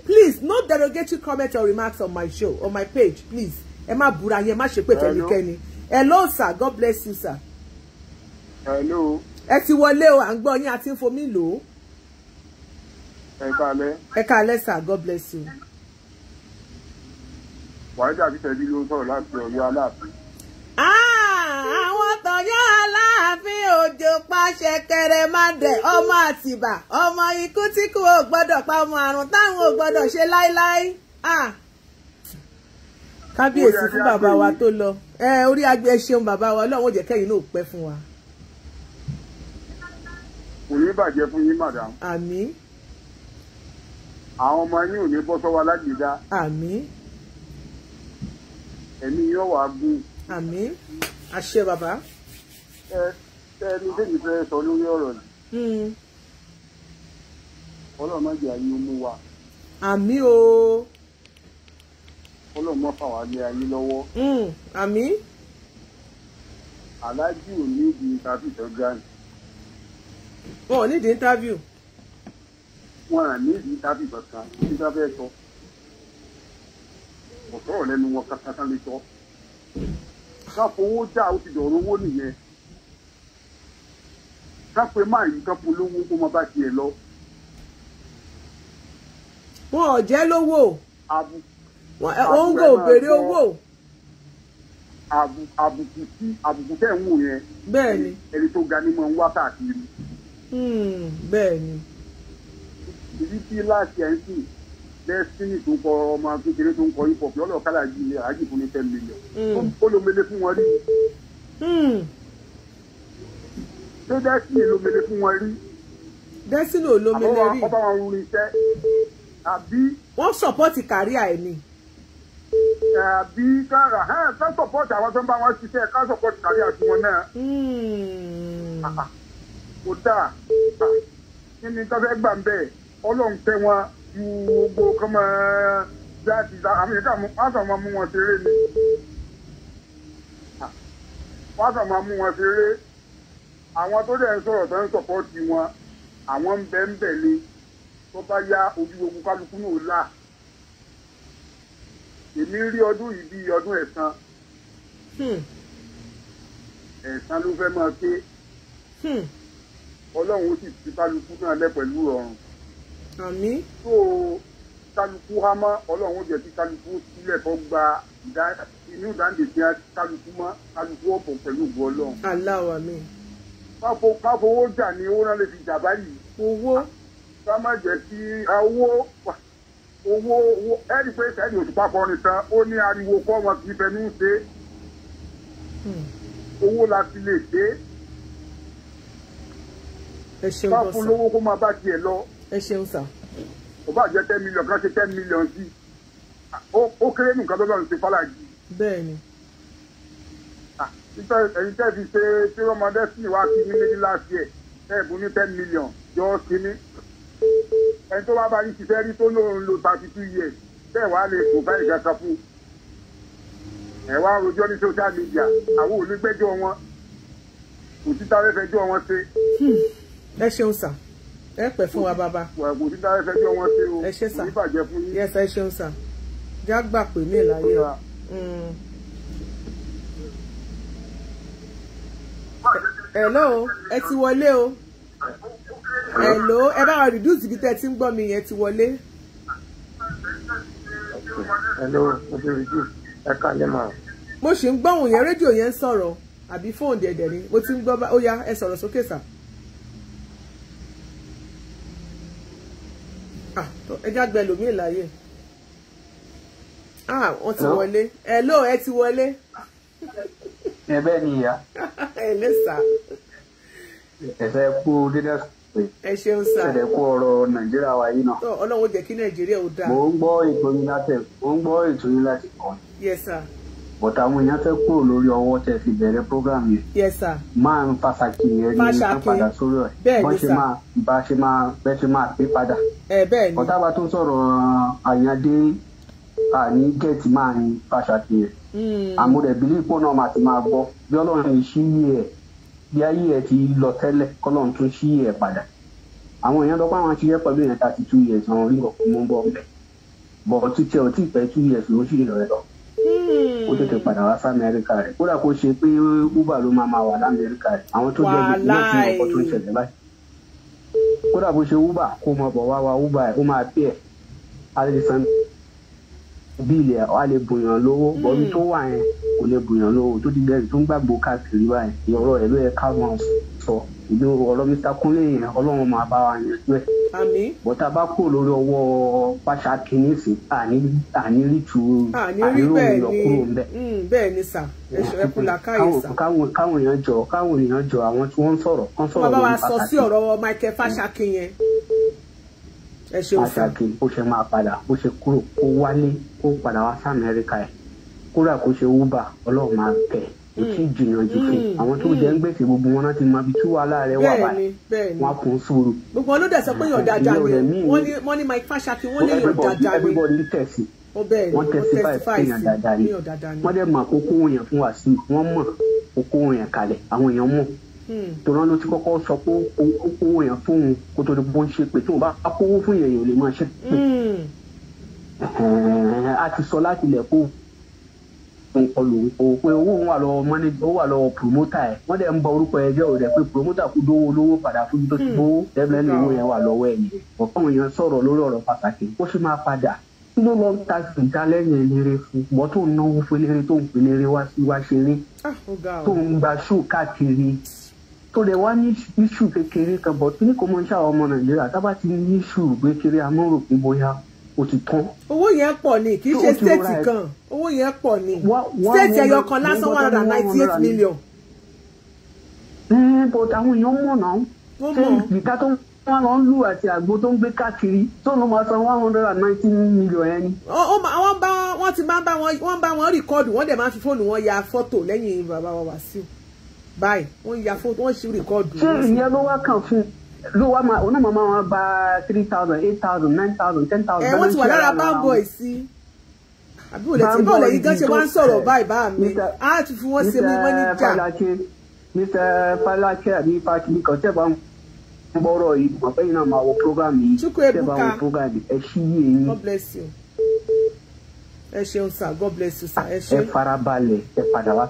Please no derogatory comment or remarks on my show on my page please ẹ má búra yẹn má ṣe pé fẹ́nikẹ́ni. Hello sir God bless you sir. Hello. Ẹ ti wọlé o à ń gbọ́ yín àti ń fomi lò ó ẹ sir god bless you. Why did tẹ̀lé ló ń sọ̀rọ̀ láti last? aláàfin. Ah, àwọn tọ̀yọ́ aláàfin òjò pàṣẹ kẹrẹ má dẹ̀ ọmọ àtìbà ọmọ ikú tí kò gbọ́dọ̀ pa ọmọ àrùn táwọn ò gbọ́dọ̀ ṣe láéláé ah. kábíyèsí fún bàbá wa agbe ẹ ṣeun bàbá wa ọlọ́run ò jẹ́ kẹ́yìn náà pẹ́ madam. àmín àwọn ọmọ yín ò ní bọ́ sọ́wọ́ alágbèédá. àmín. ẹ̀mí yóò wá gùn. àmín àṣẹ bàbá. ẹ ẹni tẹ́mi fẹ́ sọ lórí ọ̀rọ̀ yìí. Hmm. ọlọ́run má jẹ́ ayé mú wa. àmín o. ọlọ́run má fà wá lé ayé lọ́wọ́. Hmm. àmín. aláàjì ò ní ìdí interview tó gbà ní. ò ní ìdí interview wọn à ní ìdí tábì kankan tí bá fẹ́ sọ wọn kankan lè sọ ká fowó já ó ti dọ̀rọ̀ owó nìyẹn ká pe máa yí ká polówó kó má bá tiẹ̀ lọ. wọn ò jẹ́ lówó òun kò béèrè owó. àbùkù tí àbùkù tẹ̀ ń wò yẹn. bẹ́ẹ̀ ẹni tó ga ni mo ń wá káàkiri. Hmm, bẹ́ẹ̀ ni ibi tí láti ẹ̀ ń sìn destiny tó kọ ọmọ kékeré tó ń kọ hip hop lọ́lọ́ kálá yìí ni àájì fún ní ten million hmm. ó ló mele fún wọn rí hmm. ṣé destiny ló mele fún wọn rí destiny ò ló mele rí ọba wọn rú iṣẹ́ àbí. wọ́n sọ̀pọ́tì kárí àìní àbí kára ká sọpọ́tì àwọn tó ń bá wọn ṣiṣẹ́ ká sọpọ́tì kárí àtiwọn náà. Hmm. kò dáa kí ni tó gbà ń bẹ́ẹ̀ ọlọ́run tẹ́ wọn ju gbogbo kan máa jáde àmì ìka wọn sàn m'a mú wọn ṣeré ni wọn sàn máa mú wọn ṣeré àwọn tó dẹ̀ ń sọ̀rọ̀ tó ń sọ̀pọ̀tì wọn àwọn ń bẹ́ ń bẹ̀ ni tó bá yá ojú ogun kálukú náà là èmi rí ọdún yìí bíi ọdún ẹ̀san ẹ̀san ló fẹ́ máa ké ọlọ́run ó sì ti kálukú náà lẹ́ pẹ̀lú ọ̀run àmín. tó kálukú hámọ́ ọlọ́run ó jẹ́ kí kálukú sílẹ̀ kó gba inú ìdáǹdè tí kálukú mọ́ kálukú ọ̀pọ̀ pẹ̀lú ògùn ọlọ́run. Allahu àmín. káfowó jà ni owó náà lè fi jà báyìí. owó. ká má jẹ́ kí owó owó owó ẹni pé sẹ́yìn òṣùpá kọrin tán ó ní ariwo kọ́ wọn kì í fẹnu ṣe hmm. owó la ti lè dé. ẹ ṣeun bọ́sà. bá kó máa bá tiẹ̀ lọ ẹ ṣeun sà. ó bá jẹ́ ten million kan ṣe ten million sí ó kéré nìkan tó lọ́run ṣe fàlàjì. bẹ́ẹ̀ni. ẹ̀yin tẹ́ fi ṣe tí ọmọdé sì wá sí ní méjì last year ẹ̀ bù ní ten million jọ kíní ẹni tó bá bá yín ṣiṣẹ́ rí tó lóun lo thirty two years bẹ́ẹ̀ wá lè kó báyìí kankan fún ẹ̀ wá rojọ́ ní social media àwọn olùgbẹ́jọ́ wọn kò sí táwọn ẹ̀fẹ́jọ́ wọn ṣe. Hmm. ẹ ṣeun sà ẹ pẹ́ fún wa bàbá. kò ṣe o. ẹ ṣe sà sà já gbà pé mí láyé o. Mm. hello ẹ ti wọlé o hello ẹ bá wa reduce ibi tẹ́ ẹ ti ń gbọ́ mi yẹn ti wọlé. hello mo ti reduce ẹ kálẹ̀ mọ́. mo ṣì ń gbọ́ òun yẹn rédíò yẹn ń sọ̀rọ̀ àbí fóònù dẹ̀dẹ̀ ni mo ti ń gbọ́ bá ó yá ẹ sọ̀rọ̀ sókè sà. Okay, Ah, ẹja gbẹ lómi ìláyè ah, wọn ti wọlé hello ẹ ti wọlé. ẹ bẹ́ẹ̀ ni ìyá. [laughs] ẹ lè sá. ẹ̀sẹ̀ kú dídá ẹ ṣeun sá ẹ kú ọ̀rọ̀ nàìjíríà wa yìí náà. Ọlọ́run jẹ́ kí nàìjíríà ó o mò ń gbọ́ ètò yín láti mò ń gbọ́ ètò yín láti kọ́. yes sir but àwọn èèyàn fẹ́ kúrò lórí ọwọ́ tẹ fi bẹ̀rẹ̀ program yẹn. yes sir. máa ń fàṣàkì yẹn ní ìtàn sórí ẹ̀. bẹ́ẹ̀ ni sir bá ṣe máa bẹ́ẹ̀ ṣe máa pé padà. ẹ bẹ́ẹ̀ tó sọ̀rọ̀ àyàndé àní gẹ̀ẹ́tì máa ń fàṣàkì yẹn. àmúrẹ̀ bílí náà máa ti máa gbọ́ bí ọlọ́run ṣí ẹ̀ bí ayé ẹ̀ ti lọ tẹ́lẹ̀ kọ́lọ́run tún ṣí ẹ̀ padà. àwọn èèyàn lọ́pọ̀ kó tètè padà wá sí rẹ̀ kódà kó ṣe pé uber ló máa máa wà lámẹ́ríkà rẹ̀ àwọn tó jẹ́ gbèsè ọkọ̀ tó ń ṣẹlẹ̀ báyìí kódà bó ṣe uber kó mọ bọ̀ wá wa uber ẹ̀ ó máa pẹ́ ẹ̀ á bíìlì ẹ̀ á lè bùyàn lówó bọ́bí tó wà yẹn kò lè bùyàn lówó tó ti bẹ̀rẹ̀ tó ń gbàgbó káàkiri báyìí ìrọ̀ ẹ̀ ló yẹ ká sọ ìlú ọ̀rọ̀ Mr. Kunle yẹn ọlọ́run máa bá wa yanjú ẹ̀. àmín. bọ́tà bá kúrò lórí ọwọ́ pàṣà kìíní sí àníríì tu àníròyìn ọkúrò ńbẹ. Mm, bẹ́ẹ̀ ni sà ẹ kú la káyè sà. káwọn èèyàn jọ káwọn èèyàn jọ àwọn tí wọ́n ń sọ̀rọ̀ kán sọ̀rọ̀ wọn pàtàkì. bàbá wa sọ sí ọ̀rọ̀ Michael Fáṣákì yẹn ẹ ṣeun fún un. ó ṣe máa padà ó ṣe kúrò kó wálé kó padà wá sí Amẹ́ríkà ẹ̀ kúrò àkóṣe uber ọlọ́run máa bẹ̀ ẹ́ o ti gbìyànjú fún àwọn tó jẹ ń gbèsè gbogbo wọn láti mọ ibi tí wàhálà rẹ wà báyìí wọn kò sòrò. gbogbo wọn ló dẹ̀ sọ pé yàn dáadáa ni wọ́n ní Mike Fashakin wọ́n lè yàn dáadáa ni wọ́n tẹ̀sífà pé yàn dáadáa ni wọ́n dẹ̀ mọ àkókò yẹn fún wa sí wọ́n mọ àkókò yẹn kalẹ̀ àwọn èèyàn mọ̀ hmm. tòun ló ti kọ́kọ́ sọ pé ó kówó yẹn fóun kó tó bó ń ṣe pé tóun bá kówó fún yẹn yẹn lè máa ṣe pé hmm. a ti sọ láti ilẹ̀ kó o òpè owó wà lọ mọ́nì o wà lọ promota ẹ̀ wọ́n dẹ̀ ń bọ orúkọ o rẹ̀ pé promota kú dówó lówó padà fún tó ti hmm. gbówó dẹ́gbẹ́lẹ́ ní owó yẹn wà lọ́wọ́ ẹ̀ yẹn hmm. ọ̀kan èèyàn sọ̀rọ̀ lórí ọ̀rọ̀ pàtàkì ó sì máa padà kí ló lọ ń ta ìta lẹ́yìn eléré fún bọ́ tó ń náwó fún eléré tó ń pè eléré wá sí wá ṣeré ah, tó ń gba ṣó káàkiri tó lè wá ní iṣu kékeré kan bọ̀ kí ni kò mọ̀ ń ṣàwọn ọmọ nàìjíríà tábà ti ní iṣu kékeré amóròpé bóyá ó ti tán. owó yẹn pọ̀ ni kì í ṣe stéètì kan owó yẹn pọ̀ ni stéètì ẹyọ kan lásán one hundred and ninety eight million. Eh, but àwọn èèyàn mọ̀ náà ṣé ìgbìkà tó wọn lọ ń lù àti àgbo tó ń gbé káàkiri tó ló máa san one hundred and ninety million ni. wọ́n bá wọ́n ti máa ń bá wọn wọ́n bá wọn rìkọ́ọ̀dù wọ́n dẹ̀ máa fi fóònù wọn ya fọ́tò lẹ́yìn bàbá wa Wàsíù báyìí wọ́n ya fóònù wọ́n ṣe rìkọ́ọ̀dù. ṣé ìyẹn ló wá kàn fún un ló wá máa oná màmá wọn gba three thousand eight thousand nine thousand ten thousand. ẹ eh, wọ́n ti wà lára bamboy sí àbí òde tí bọ́ọ̀lù yìí gan ṣe wá ń sọ̀rọ̀ báyìí bá mi á ti fi wọ́n ṣe mú wọ́n ní jà. mr falake àbí fakiri kan tẹ́ bá ń bọ́rọ̀ yìí mọ̀ pé yìí náà máa wọ program yìí tẹ́ bá wọ program yìí ẹ ṣí yé God bless you ẹ ṣeun sir God bless you sir ẹ ṣe. ẹ farabalẹ̀ ẹ padà wá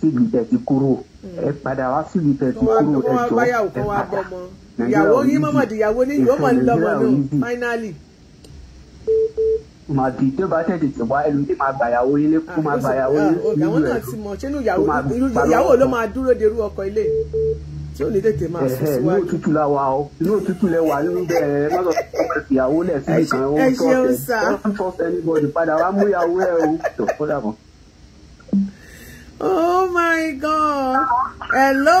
síbi tẹ̀ ti kúrò hmm. ẹ padà wá síbi tẹ̀ ti kúrò ẹ jọ ẹ padà ìyàwó yín mọ̀mọ̀ dìyàwó ní yóò mọ̀ lọ́mọ náà finally. màá di tó bá tètè tí wá ẹlòmí máa gbà yàwó ilé kó ah, máa gbà yàwó ah, ilé nínú ẹ̀ àwọn náà ti mọ̀ ṣé inú ìyàwó ló máa dúró de irú ọkọ ilé tí ò ní tètè máa sùn síwájú. inú òtútù la wà ó inú òtútù lẹ wà nínú bẹ̀rẹ̀ rẹ lọ́dọ̀ ìyàwó lẹ̀ sí nìkan ó ń tọ́sẹ̀ ó ń tọ́sẹ̀ anybody padà wá mú ìyàwó ẹ̀ ó tó kódà mọ́. Oh my God. Hello.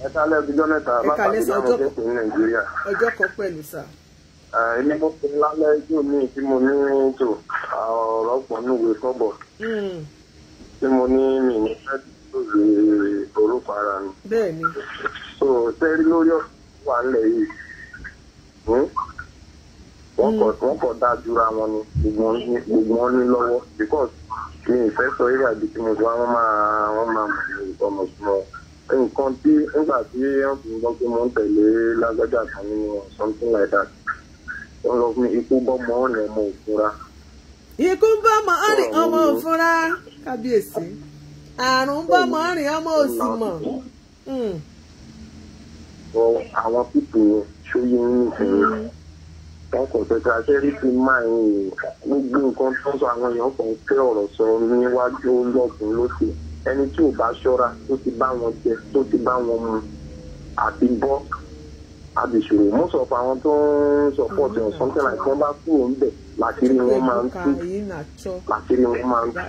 ẹ kálẹ̀ ọjọ́ mẹ́ta látàrí ìdáhùn ọjọ́ kan ní nàìjíríà. ọjọ́ kan pẹ̀lú sà. èmi mo fi lálẹ́ jù mí tí mo ní tò ọ̀rọ̀ pọ̀ níwèé kọ́bọ̀ hmm. tí mo ní mi ní lórí orúkọ ara mi. bẹ́ẹ̀ni. so sẹ́rí lórí ọ̀rọ̀ wà nílẹ̀ yìí hmm? wọ́n kọ̀ dá jura wọn ni gbogbo wọn ní lọ́wọ́ because mi ìfẹ́ sọ eré àbí tí mo ti wá wọ́n máa wọ́n máa mọ̀ ọmọ ìsúná nǹkan tí nígbà tí wọ́n fi gbọ́ pé mo ń tẹ̀lé lágbájá kan nínú something like that wọ́n lọ fún ikú bọ́mọ ọ̀nà ọmọ òfúra. ikú ń bọ́mọ ọ̀rìn ọmọ òfúra kábíyèsí àrùn ń bọ́mọ ọ̀rìn ọmọ òsì mọ̀. Hmm. àwọn pípò ṣóyè nìkan hmm. wọn kò tẹ̀sẹ̀ àṣẹ́rí ti máa ń gbogbo nǹkan tó ń sọ àwọn èèyàn kan fẹ́ ọ̀rọ̀ sọ níwájú lọ́gùn lókè ẹni tí ò bá ṣọ́ra tó ti bá wọn jẹ tó ti bá wọn mu àti bọ́ àdìsòrò mú sọ fún àwọn tó ń support ẹ̀ something like wọ́n bá kúrò ń bẹ̀ làkiri wọn máa ń tú làkiri wọn máa ń tú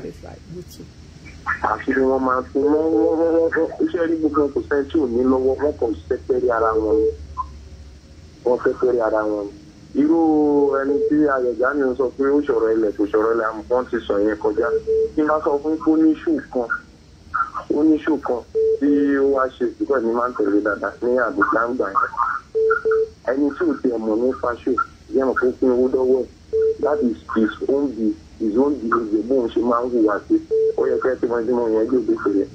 àṣírí wọn máa ń tú wọ́n wọ́n wọ́n wọ́n iṣẹ́ rí gbogbo kò sẹ́ni tí ò ní lọ́wọ́ wọ́n kàn fẹ́ fẹ́rí ara wọn ni wọ́n fẹ́ fẹ́rí ara wọn ni irú ẹni tí ayọ̀já ni sọ pé ó ṣọ̀rọ̀ ilẹ̀ kò ṣọ̀rọ̀ ilẹ̀ àmọ́ wọ́n ti sọ yẹn kọjá kí n bá sọ fún fóníṣù kan onye n'ishokan ti o wa wá ṣe ìdúgbò ní máa ń tẹ̀lé dáadáa ní àbújá ń gbà yẹn ẹni tí ò tiẹ̀ mọ̀ ní fáṣọ yẹn is his oge bóun ṣe máa ń o sí ó yẹ kẹ́ tímọ́tímọ́ yẹn gbé gbèsè rẹ̀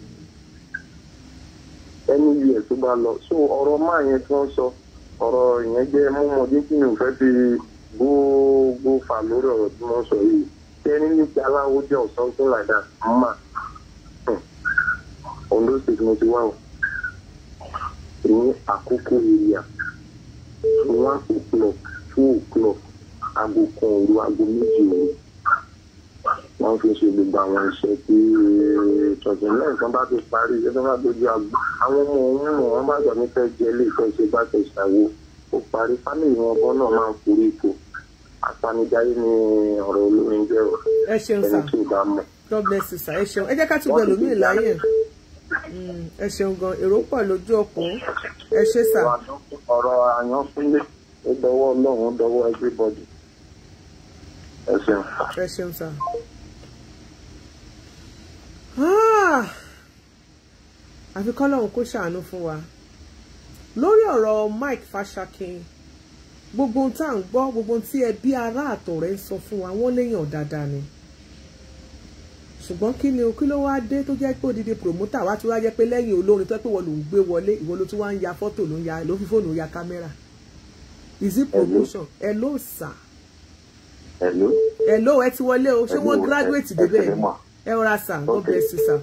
ẹni ẹ̀ tó lọ so ọ̀rọ̀ máa yẹn tí wọ́n sọ ọ̀rọ̀ yẹn jẹ́ mọ́mọdé tí mi fi gbogbo fà lórí ti Ondo state mo ti wá o ní àkókò area one o'clock two o'clock aago kan òru aago méjì òru wọ́n fi ṣe gbogbo àwọn iṣẹ́ tí eh, tọ̀tún náà nǹkan bá ti parí iṣẹ́ tó bá dojú àgbà àwọn ọmọ òun mọ̀ wọ́n bá gbàgbé fẹ́ jẹ ilé ìfẹ́ ṣe bá tẹ̀ ṣàwo ó parí fámìlì wọn bọ́ náà máa ń forí ipò apanidáyé ni ọ̀rọ̀ olórin jẹ́ ọ̀ ẹni tí ò bá mọ̀. ẹ jẹ́ ká tún bẹ̀rù mí láyé. Mm, ẹ ṣeun gan èrò pọ̀ lójú òpó ẹ ṣe sà. ọ̀rọ̀ àyànfínlé ó dọwọ́ ọlọ́run dọwọ́ everybody ẹ ṣeun. ẹ ṣeun sà. Ah! àfi kọ́lọ́run kó ṣàánú fún wa lórí ọ̀rọ̀ Mike Fashakin gbogbo ohun tá à ń gbọ́ gbogbo ohun tí ẹbí ará àtọ̀rẹ́ ń sọ fún wa wọ́n léèyàn dáadáa ni ṣùgbọ́n kí ni o kí ló wáá dé tó jẹ́ pé odidi promoter wá tún wá jẹ́ pé lẹ́yìn olórin tó pé wọ́n ló ń gbé wọlé ìwọ ló tún wá ń ya fọ́tò ló ń ya ló fi fóònù ya kámẹ́rà is it promotion ẹ ló sà ẹ ló ẹ ti wọlé o ṣé wọ́n graduate débẹ̀ ẹ rọra sà God bless you sà.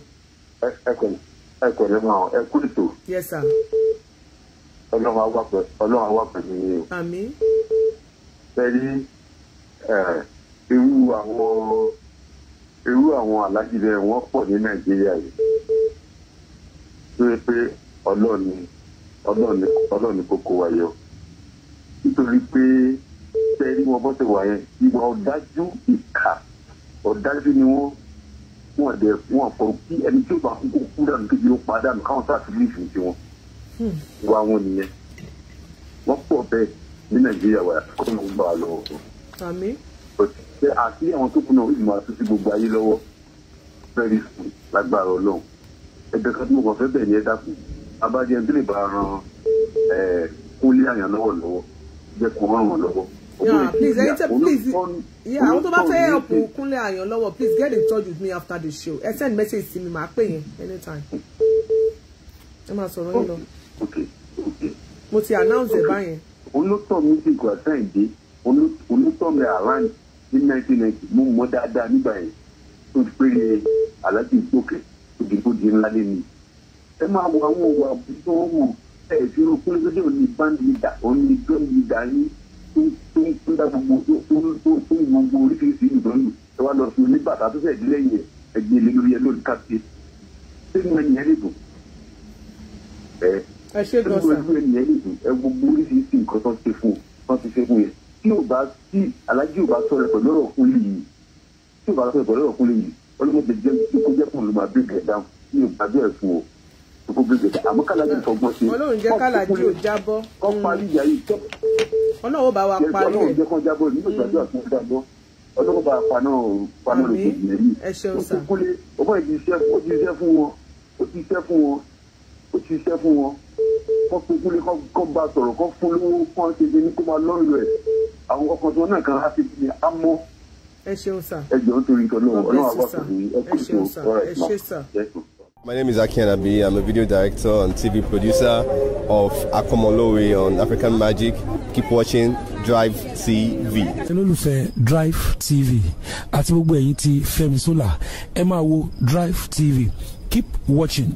ẹ kò lè mọ ẹ kú ètò. yes sà. ọlọ́run á wà pẹ̀lú yín o. àmín. pẹ̀lú irú àwọn irú àwọn aláàjì bẹ́ẹ̀ wọ́n pọ̀ ní nàìjíríà yìí tó yẹ pé ọlọ́ọ̀ni ọlọ́ọ̀ni ọlọ́ọ̀ni kókó wa yọ nítorí pé tẹ́rí wọn bọ́sẹ̀ wà yẹn ìwà ọ̀dájú ìkà ọ̀dájú ni wọ́n wọ́n dẹ̀ wọ́n fọ kí ẹni tí ó bá kú kú dànù kí yóò padà nù káwọn sáà ti rí ìfún sí wọn wá wọn nìyẹn wọ́n pọ̀ bẹ́ẹ̀ ní nàìjíríà wà kọ́ ló ń bá a lọ pé àti àwọn tó kùnà ìlú máa gbogbo ayé lọ́wọ́ very soon lágbára ọlọ́run ẹgbẹ́ kan tí fẹ́ bẹ̀ ni ẹ dákun abájẹ́ ẹbí lè bá ran kúnlé àyàn lọ́wọ́ lọ́wọ́ jẹ́ kó ràn wọ́n lọ́wọ́. Yeah, please, anytime, please. Yeah, àwọn tó bá fẹ́ help Kúnlé Àyàn lọ́wọ́, please get in touch with me after the show. Ẹ send message sí mi, màá pè yín anytime. Ẹ máa sọ̀rọ̀ yín lọ. Mo ti announce ẹ̀ báyẹn. Olótọ́ mi ti gbà sẹ́yìn dé, olótọ́ mi àrántí ní nineteen ninety mo mọ̀ dáadáa nígbà yẹn tó ti pé aláàjì ìgbòkè òdìbò di ńlá lẹ́nu ẹ máa wo àwọn òwò àbújá wọn wò ẹ fi rò pé lóde òní band leader òní drum leader yín tó ń tó dá gbogbo tó tó tó ń gbogbo oríṣiríṣi ìbọn lù ẹ wá lọ sí oníbàtà tó fẹ́ẹ́ dílé yẹn ẹ gbé lé lórí ẹ lórí kápẹ́ sínú ẹni ẹni dùn ẹ sínú ẹni ẹni dùn ẹ gbogbo oríṣiríṣi nǹkan tó ti fún tó ti fẹ́ fún yẹn tí ò bá tí alájí ò bá sọ̀rọ̀ pẹ̀lú ọ̀rọ̀ fún yìí tí ò bá sọ̀rọ̀ pẹ̀lú ọ̀rọ̀ fún yìí ọlọ́mọdé jẹ́ kó jẹ́ kó ló máa bí gẹ̀ dáhùn ní ìpàdé fún o kó bí àmọ́ kálájí fọgbọ́n sí ọlọ́run jẹ́ kálájí ò jábọ́ ọlọ́run bá wa parí ẹ̀ ọlọ́run jẹ́ kó jábọ́ yìí ó ti kúlé ìdí iṣẹ́ fún wọn ó ti iṣẹ́ fún wọn kò ṣiṣẹ́ fún wọn kọ́ pokúlé kọ́ bá sọ̀rọ̀ kọ́ fún lówó kọ́ ṣe ní kó máa lọ́rùn rẹ̀ àwọn ọkọ̀ tí náà kan á ti fi amọ́. ẹ ṣeun sà ẹ jọ ń torí kan náà ọlọ́run ẹ kò tó ọ̀rọ̀ ẹ̀ máa. My name is Aki Anabi. I'm a video director and TV producer of Akomolowe on African Magic. Keep watching Drive TV. Olólùfẹ́ Drive TV àti gbogbo ẹ̀yin tí Fẹ́mi Sola ẹ máa wo Drive TV. Keep watching.